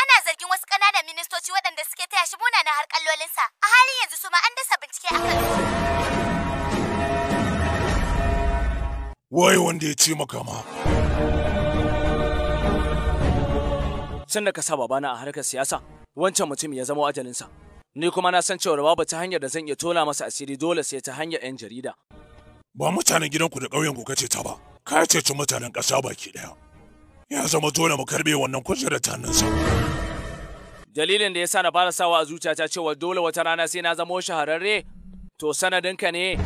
ana zargin wasu ƙananan ministoci waɗanda suke taya shi munanan har kallolinsa a halin yanzu su ma an dasa bincike a kan waye wanda ya ce maka ma sanda ka sa babana a harkar siyasa wancan mutum ya zama ajalinsa Ni kuma na san cewa babu ta hanyar da zan iya tona masa asiri dole sai ta hanyar 'yan jarida. Ba mutanen gidanku da ku kace ta ba, ka ci mutanen ƙasa baki ɗaya. Ya zama dole mu karɓe wannan kujerar ta sa Dalilin da ya sa na fara sawa a zuciyata cewa dole wata rana sai na zamo shahararre, to sanadinka ne.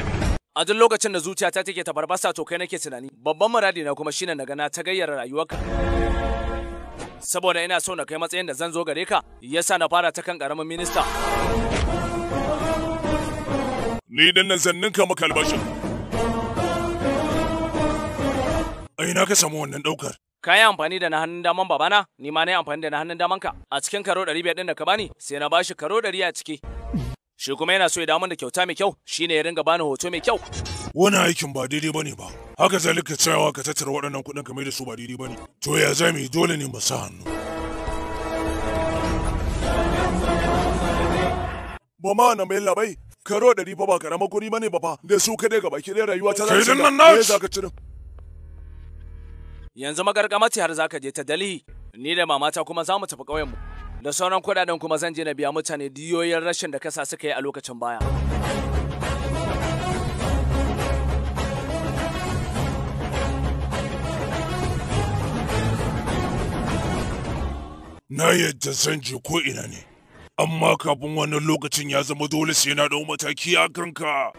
A duk lokacin da zuciyata take ta barbasa to kai nake tunani. Babban muradi na kuma shine na na ta gayyara rayuwarka. saboda ina so na kai matsayin da zan zo gare ka yasa na fara ta kan karamin minista ni dan nan zan ninka maka albashin ai na ka samu wannan daukar ka yi amfani da na hannun daman babana ni ma na yi amfani da na hannun damanka a cikin karo 500 din da ka bani sai na bashi karo 100 a ciki Shi kuma yana so ya dawo da kyauta mai kyau, shine ya ringa bani hoto mai kyau. Wani aikin ba daidai bane ba. Haka zalika cewa ka tattara waɗannan kuɗin ka da su ba daidai bane. To ya za mu yi dole ne mu sa hannu. Ba ma na mai labai, karo ɗari fa ba karamar kuɗi bane ba fa, da su kadai gaba baki ɗaya rayuwa ta zai yi nan na za ka cire. Yanzu magargamati har za ka je ta Delhi, ni da mamata kuma za mu tafi ƙauyenmu. mu. da sauran kuɗaɗen kuma zan je na biya mutane diyoyin rashin da kasa suka yi a lokacin baya. Na yadda zan je ko ina ne, amma kafin wannan lokacin ya zama dole sai na dau mataki a kanka.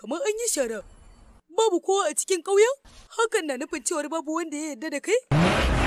kamar an yi shara. Babu kowa a cikin ƙauyen? Hakan na nufin cewar babu wanda ya yarda da kai?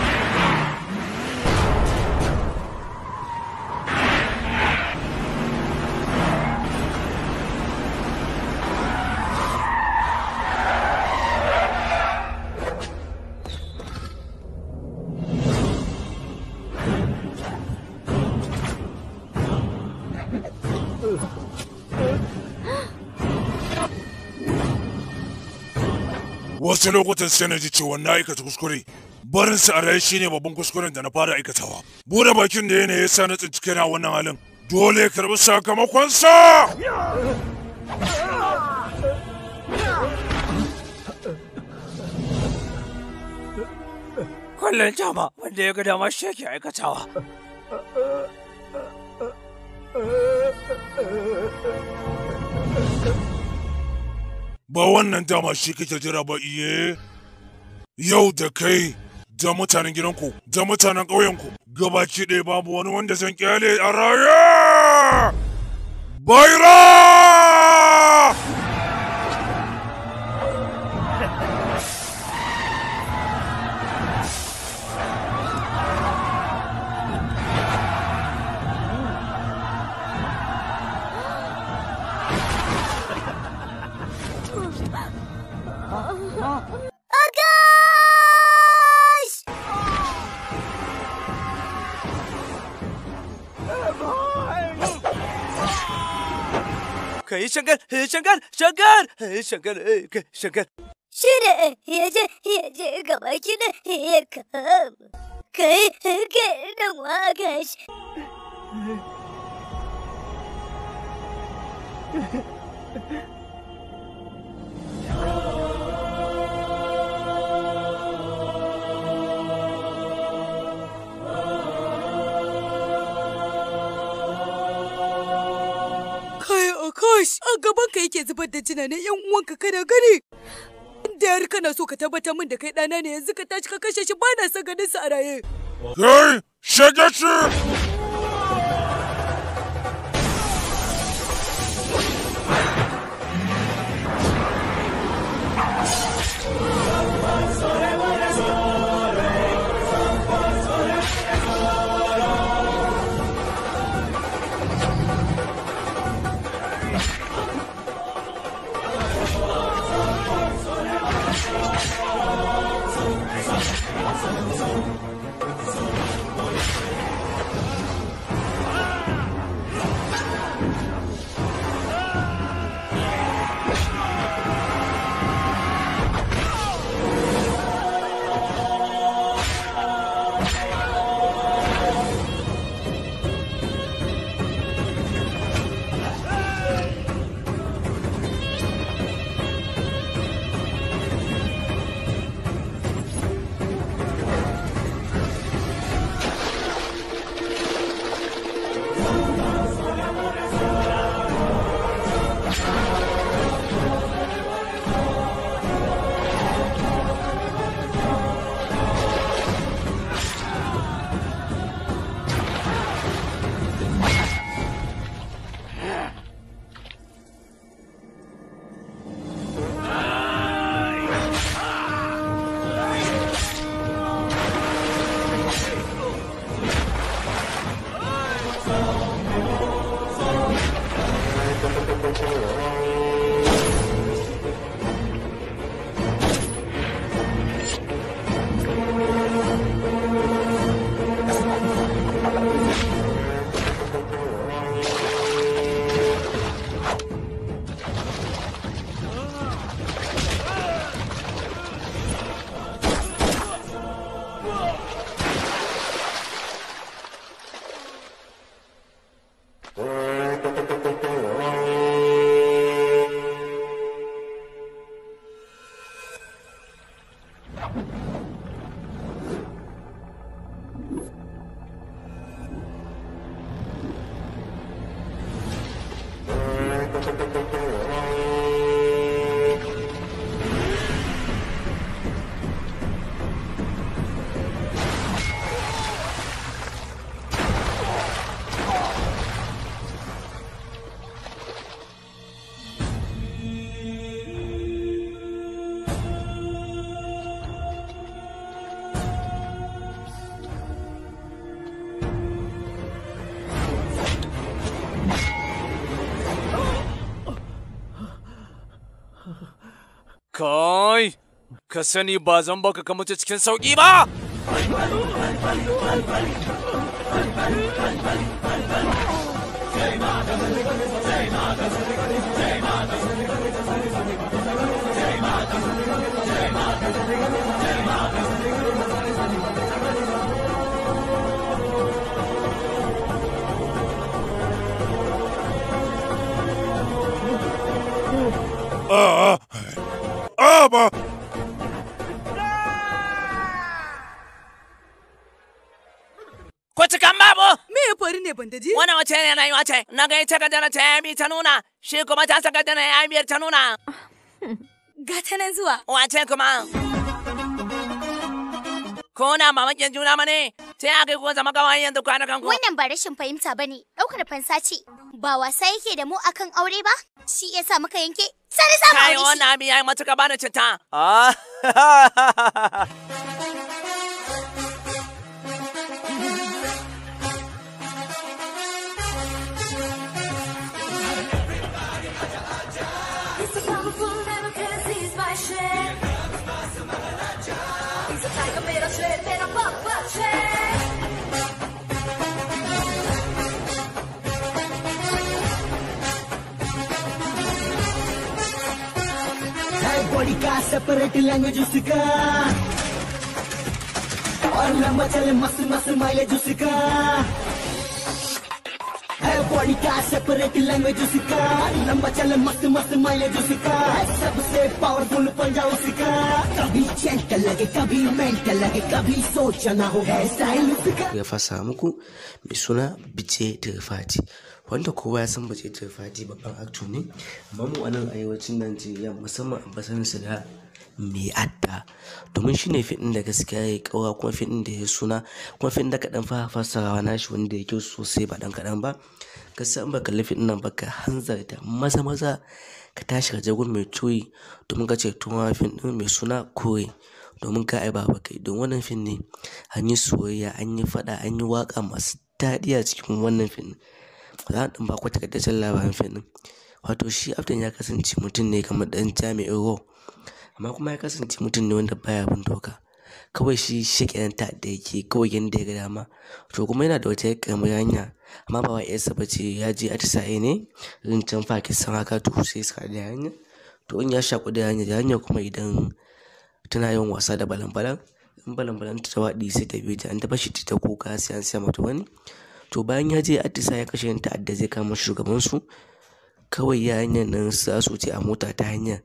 wasu lokutan sai na ji cewa na aikata kuskure barin su a raye shine babban kuskuren da na fara aikatawa bude bakin da yanayi sa na tsinci kaina wannan halin dole karbi sakamakon sa Kullum jama wanda ya ga dama shi yake aikatawa. ba wannan dama shi kake jira ba iye yau da kai da mutanen gidanku da mutanen ƙauyenku gabaci ɗaya babu wani wanda zan kyale a raya baira 想干，想干，想干，想干想干，想干。现在，现在，现在，干嘛去了？一个，干，干，干嘛干？Kash, a gaban ka yake zubar da jina na yan uwanka kana gani. Inda yar kana so ka tabbatar min da kai ɗana ne yanzu ka tashi ka kashe shi bana son ganin sa a raye. Hey, shege shi! ka sani ba zan baka ka mutu cikin sauki ba! ne bandaji? Wannan wace ne na yi wace? Na ga ita gajara ta yami ta nuna, shi kuma ta saka ta ya yamiyar ta nuna. Gata nan zuwa. Wace kuma? Ko na mamakin juna mani, Ta yi aka yi zama kawai yanzu kwanakan ku? Wannan ba rashin fahimta ba ne, ɗaukar fansa ce. Ba wasa yake da mu akan aure ba? Shi ya sa muka yanke? Sani za mu aure shi. Kai wannan abin ya yi matuƙa ba da citta. Body separate language उसका और लंबा चले मस्त मस्त माइलेज उसका का separate language सिखा लंबा चल मस्त मस्त माइलेज सिखा सबसे पावरफुल पंजाब सिखा कभी चैंक लगे कभी मेंट लगे कभी सोचना हो स्टाइल सिखा ya fasa muku mai suna bice tirfati wanda kowa ya san bice tirfati babban actor ne amma mu a nan arewacin ya musamman a basan su da mai adda domin shi ne fiɗin da gaskiya ya kawa kuma fiɗin da ya suna kuma fiɗin da kaɗan fa fasarawa nashi wanda ya kyau sosai ba ɗan kaɗan ba ka san baka lafi nan ba ka hanzarta maza maza ka tashi ka je mai turi domin ka ce tuwa fin din mai suna kore domin ka ai baba kai don wannan fin ne an yi soyayya an yi fada an yi waka masu daɗi a cikin wannan fin za a ɗin ba ku takaitaccen labarin fin din wato shi abdan ya kasance mutum ne kamar ɗan jami'in ro amma kuma ya kasance mutum ne wanda baya bin doka kawai shi shek ta ta'adda yake kawai yanda ya ga dama to kuma yana da wata kama hanya amma ba wa yarsa ba ce ya je atisaye ne irin can pakistan haka to sai suka da hanya to in ya shaku da hanya da hanya kuma idan tana yin wasa da balan-balan in balan-balan ta waɗi sai ta biyu ta an taɓa shi ta kuka sai an siya mata wani to bayan ya je atisa ya kashe yan ta'adda zai kama shugabansu kawai ya hanyar nan za su ce a mota ta hanya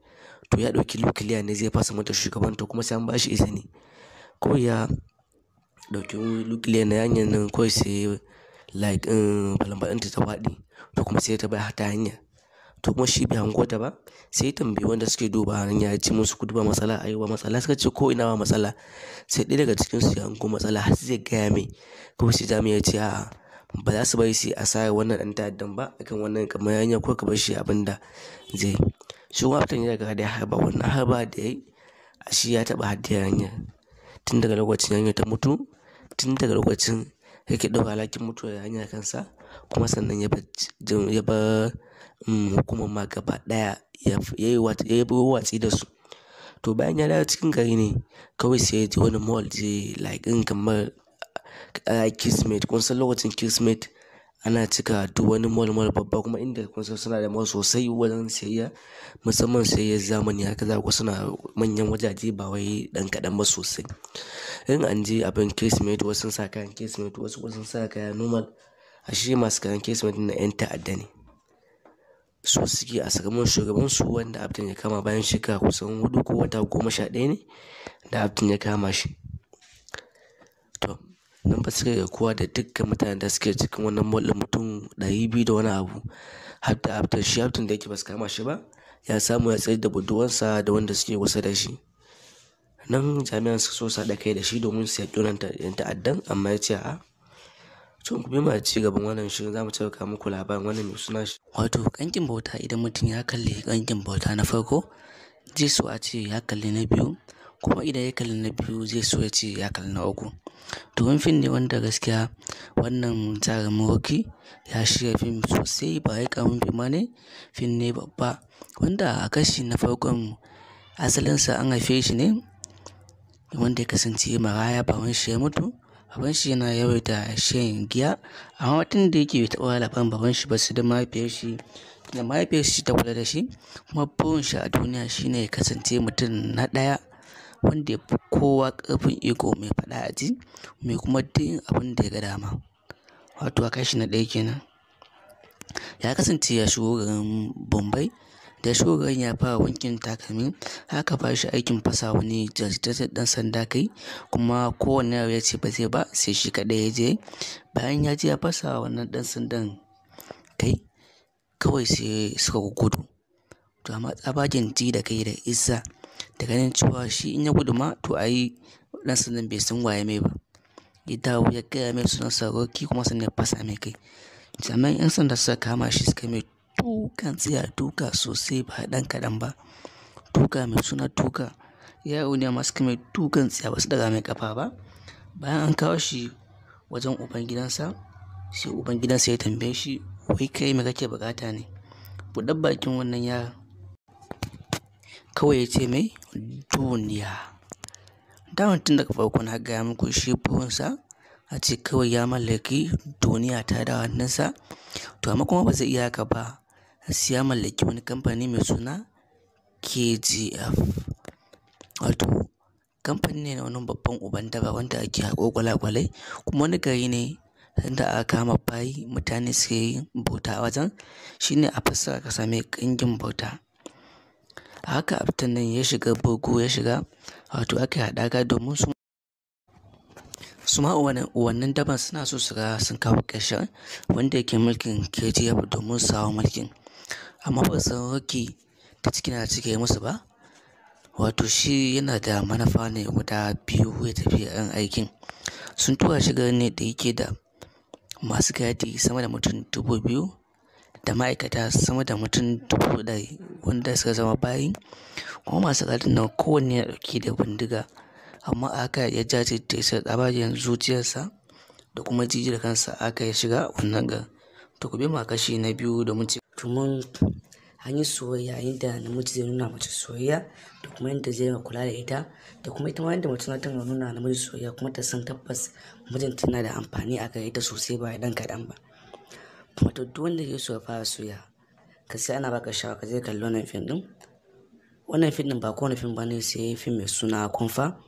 to ya ɗauki lokaliya ne zai fasa mata shugaban to kuma sai an ba shi izini Koya, ya ɗauki nukiliyan na yanyan nan kawai sai like eh, balambalan ta ta faɗi to kuma sai ta bai hata hanya to kuma shi bai hango ta ba sai tambayi wanda suke duba hanya ya ci musu kudu ba matsala ayi ba matsala suka ce ko ina ba matsala sai ɗaya daga cikin su ya hango matsala har zai gaya mai Kuma sai ta ya ce a'a ba za su bari su a sa wannan ɗan ta'addan ba akan wannan kamar hanya ko ka bar shi abin da zai shi kuma ya daga da harba wannan harba da ya yi a shi ya taɓa haddiyar hanyar tun daga lokacin hanyar ta mutu tun daga lokacin yake ɗaura alhakin mutuwar hanya kansa kuma sannan ya bar mm, hukumar ma gaba ɗaya ya yi watsi da su to bayan ya dawo cikin gari ne kawai sai ya je wani mall je like in kamar kismet kun san lokacin kismet ana cika duk wani mall mall babba kuma inda kun san suna da mall sosai wajen sayayya musamman sayayyar zamani haka za ku suna manyan wajaje ba wai dan kaɗan ba sosai in an je abin kirsimeti wasu sun sa kayan kirsimeti wasu sun sa kayan normal shi masu kayan kirsimeti na yan ta'adda ne su suke a sakamakon shugaban su wanda abdin ya kama bayan shekara kusan hudu ko wata goma sha ɗaya ne da abdin ya kama shi nan fa suka kowa da dukkan mutanen da suke cikin wannan mall mutum ɗari biyu da wani abu har da abtar shi abtun da yake ba su kama shi ba ya samu ya tsayar da budurwansa da wanda suke kusa da shi nan jami'an suka so su haɗa kai da shi domin su yaƙi wannan ta'addan amma ya ce a'a tun kuma ma ci gaban wannan shirin zamu ci ka muku labarin wannan mai suna shi wato kankin bauta idan mutum ya kalli kankin bauta na farko zai so a ce ya kalli na biyu kuma idan ya kalli na biyu zai so ya ce ya kalli na uku Domin fim ne wanda gaskiya wannan jarumoki ya shirya fim sosai ba ya kamun fim ne, fim ne babba wanda a kashi na farkon asalinsa an haife shi ne wanda ya kasance maraya shi ya mutu. shi yana yawaita shan giya amma tun da yake bai taɓa laban akan shi ba su da shi da shi ta kula da shi. Kuma shi a duniya shine ya kasance mutum na ɗaya. wanda ya fi kowa ƙarfin iko mai faɗa a ji mai kuma duk abin da ya ga dama wato a kashi na ɗaya kenan ya kasance ya shigo garin bombay da shigo garin ya fara wankin takalmi haka ba shi aikin fasa wani jajjajen dan sanda kai kuma kowane yaro ya ce ba zai ba sai shi kaɗai ya je bayan ya je ya fasa wannan dan sandan kai kawai sai suka gudu to amma tsabagen ji da kai da isa da ganin cewa shi in ya gudu ma to a yi ɗan sandan bai san waye mai ba ya dawo ya gaya mai sunan saroki kuma sannan ya fasa mai kai jami'an 'yan sanda suka kama shi suka mai dukan tsiya tuka sosai ba ɗan kaɗan ba tuka mai suna tuka. ya yi ne masu kame dukan tsiya ba su daga mai kafa ba bayan an kawo shi wajen uban gidansa sai uban gidansa ya tambaye shi wai kai mai kake bukata ne buɗe bakin wannan yaron kawai ya ce mai duniya daman tun daga farko na gaya muku shi burinsa a ce kawai ya mallaki duniya ta da hannunsa to amma kuma ba zai iya haka ba sai ya mallaki wani kamfani mai suna KGF wato kamfani ne na wani babban uban daba wanda ake haƙo kwalakwalai kuma wani gari ne da aka kama bayi mutane suke yi bauta a wajen shine a fassara ka same ƙingin bauta haka abtan nan ya shiga bogo ya shiga wato aka haɗaka domin su su ma wannan daban suna so su ga sun kawo ƙarshen wanda yake mulkin KGF domin su samu mulkin amma ba san hoki ta ciki na cike musu ba wato shi yana da manufa ne guda biyu ya tafi yan aikin sun tura shigar ne da yake da masu gadi sama da mutum dubu biyu da ma'aikata sama da mutum dubu ɗari wanda suka zama bayi kuma masu gadin nan kowanne na ɗauke da bindiga amma aka haka ya jajirce sa tsabagen zuciyarsa da kuma jijiyar kansa aka ya shiga wannan ga to ku bi ma kashi na biyu da mun ce domin an yi soyayya yadda namiji zai nuna mace soyayya da kuma yadda zai yi kula da ita da kuma ita ma yadda mace na tana nuna namiji soyayya kuma ta san tabbas mijinta tana da amfani a ita sosai ba dan kaɗan ba wato duk wanda ke so fara suya ka sai ana baka shawara ka je kalli wannan fim din wannan fim din ba kowane fim ba ne sai fim mai suna kunfa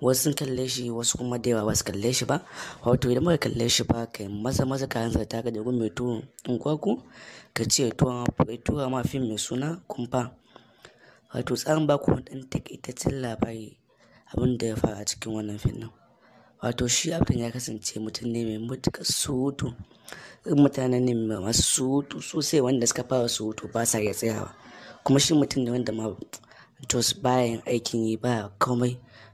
wasu sun kalle shi wasu kuma da yawa ba su kalle shi ba wato idan baka kalle shi ba kai maza maza ka hanzar ta ga da mai tuwo in kwaku ka ce tuwa ma fim mai suna kumfa wato tsarin ba ku dan takaitaccen labari abin da ya fara cikin wannan fim din wato shi abin ya kasance mutum ne mai mutukar sutu mutanen ne masu surutu sosai wanda suka fara surutu ba sa iya tsayawa kuma shi mutum ne wanda ma to bayan aikin yi ba komai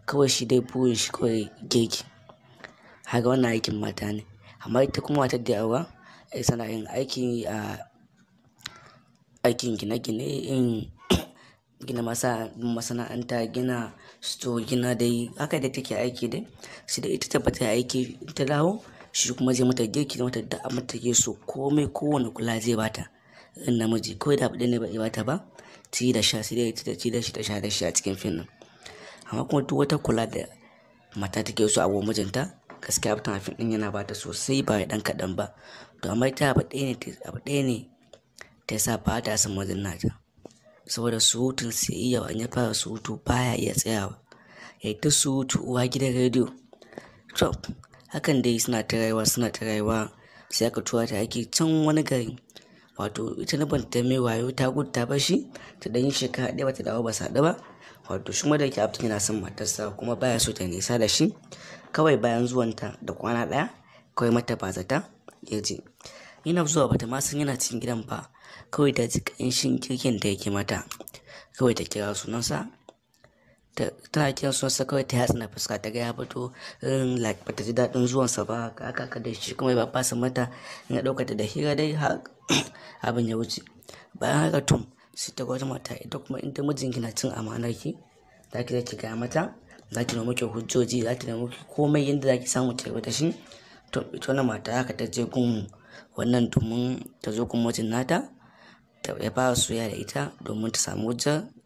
kawai shi dai burin shi kawai girki haga wannan aikin mata ne amma ita kuma wata da yawa eh, tana yin aikin a aikin gine-gine in gina masana'anta gina sto gina dai haka da take aiki dai shi da ita tabbata aiki ta dawo shi kuma zai mata girki da mata da abin take so komai kowane kula zai bata in namiji kawai da abuɗe ne ba bata ba ci da sha sai dai ta ci da shi ta sha da shi a cikin fim nan amma kuma duk wata kula da mata take so a wurin mijinta gaskiya abin fim din yana bata sosai ba ya dan kaɗan ba to amma ita abuɗe ne ne ta sa ba ta san mijin nata saboda surutun sai iya an ya fara surutu baya iya tsayawa ya ta surutu uwa gidan rediyo hakan dai suna ta rayuwa suna ta rayuwa sai aka tuwa ta ake can wani gari wato ita na banta mai wayo ta gudu ba shi ta dan yi shekara ɗaya ba ta dawo ba sa ba wato shi kuma da yake abdul yana son matarsa kuma baya so ta nisa da shi kawai bayan zuwanta da kwana ɗaya kawai mata bazata ya je yana zuwa bata ma san yana cikin gidan ba kawai ta ji ƙanshin kirkin da yake mata kawai ta kira sunansa ta kira sa kawai ta yatsa na fuska ta gaya ya fito irin like bata ji daɗin zuwansa ba aka haka da shi kuma ba sa mata na ɗaukata da hira dai abin ya wuce bayan haka tun sai ta gwada mata ita kuma in ta mijinki na cin amanar ki za ki zai gaya mata za ki na ki hujjoji za ki nemi komai yadda za ki samu ta da shi to ita wannan mata haka ta je gun wannan domin ta zo kun mijin nata ta ya fara soyayya da ita domin ta samu wajen?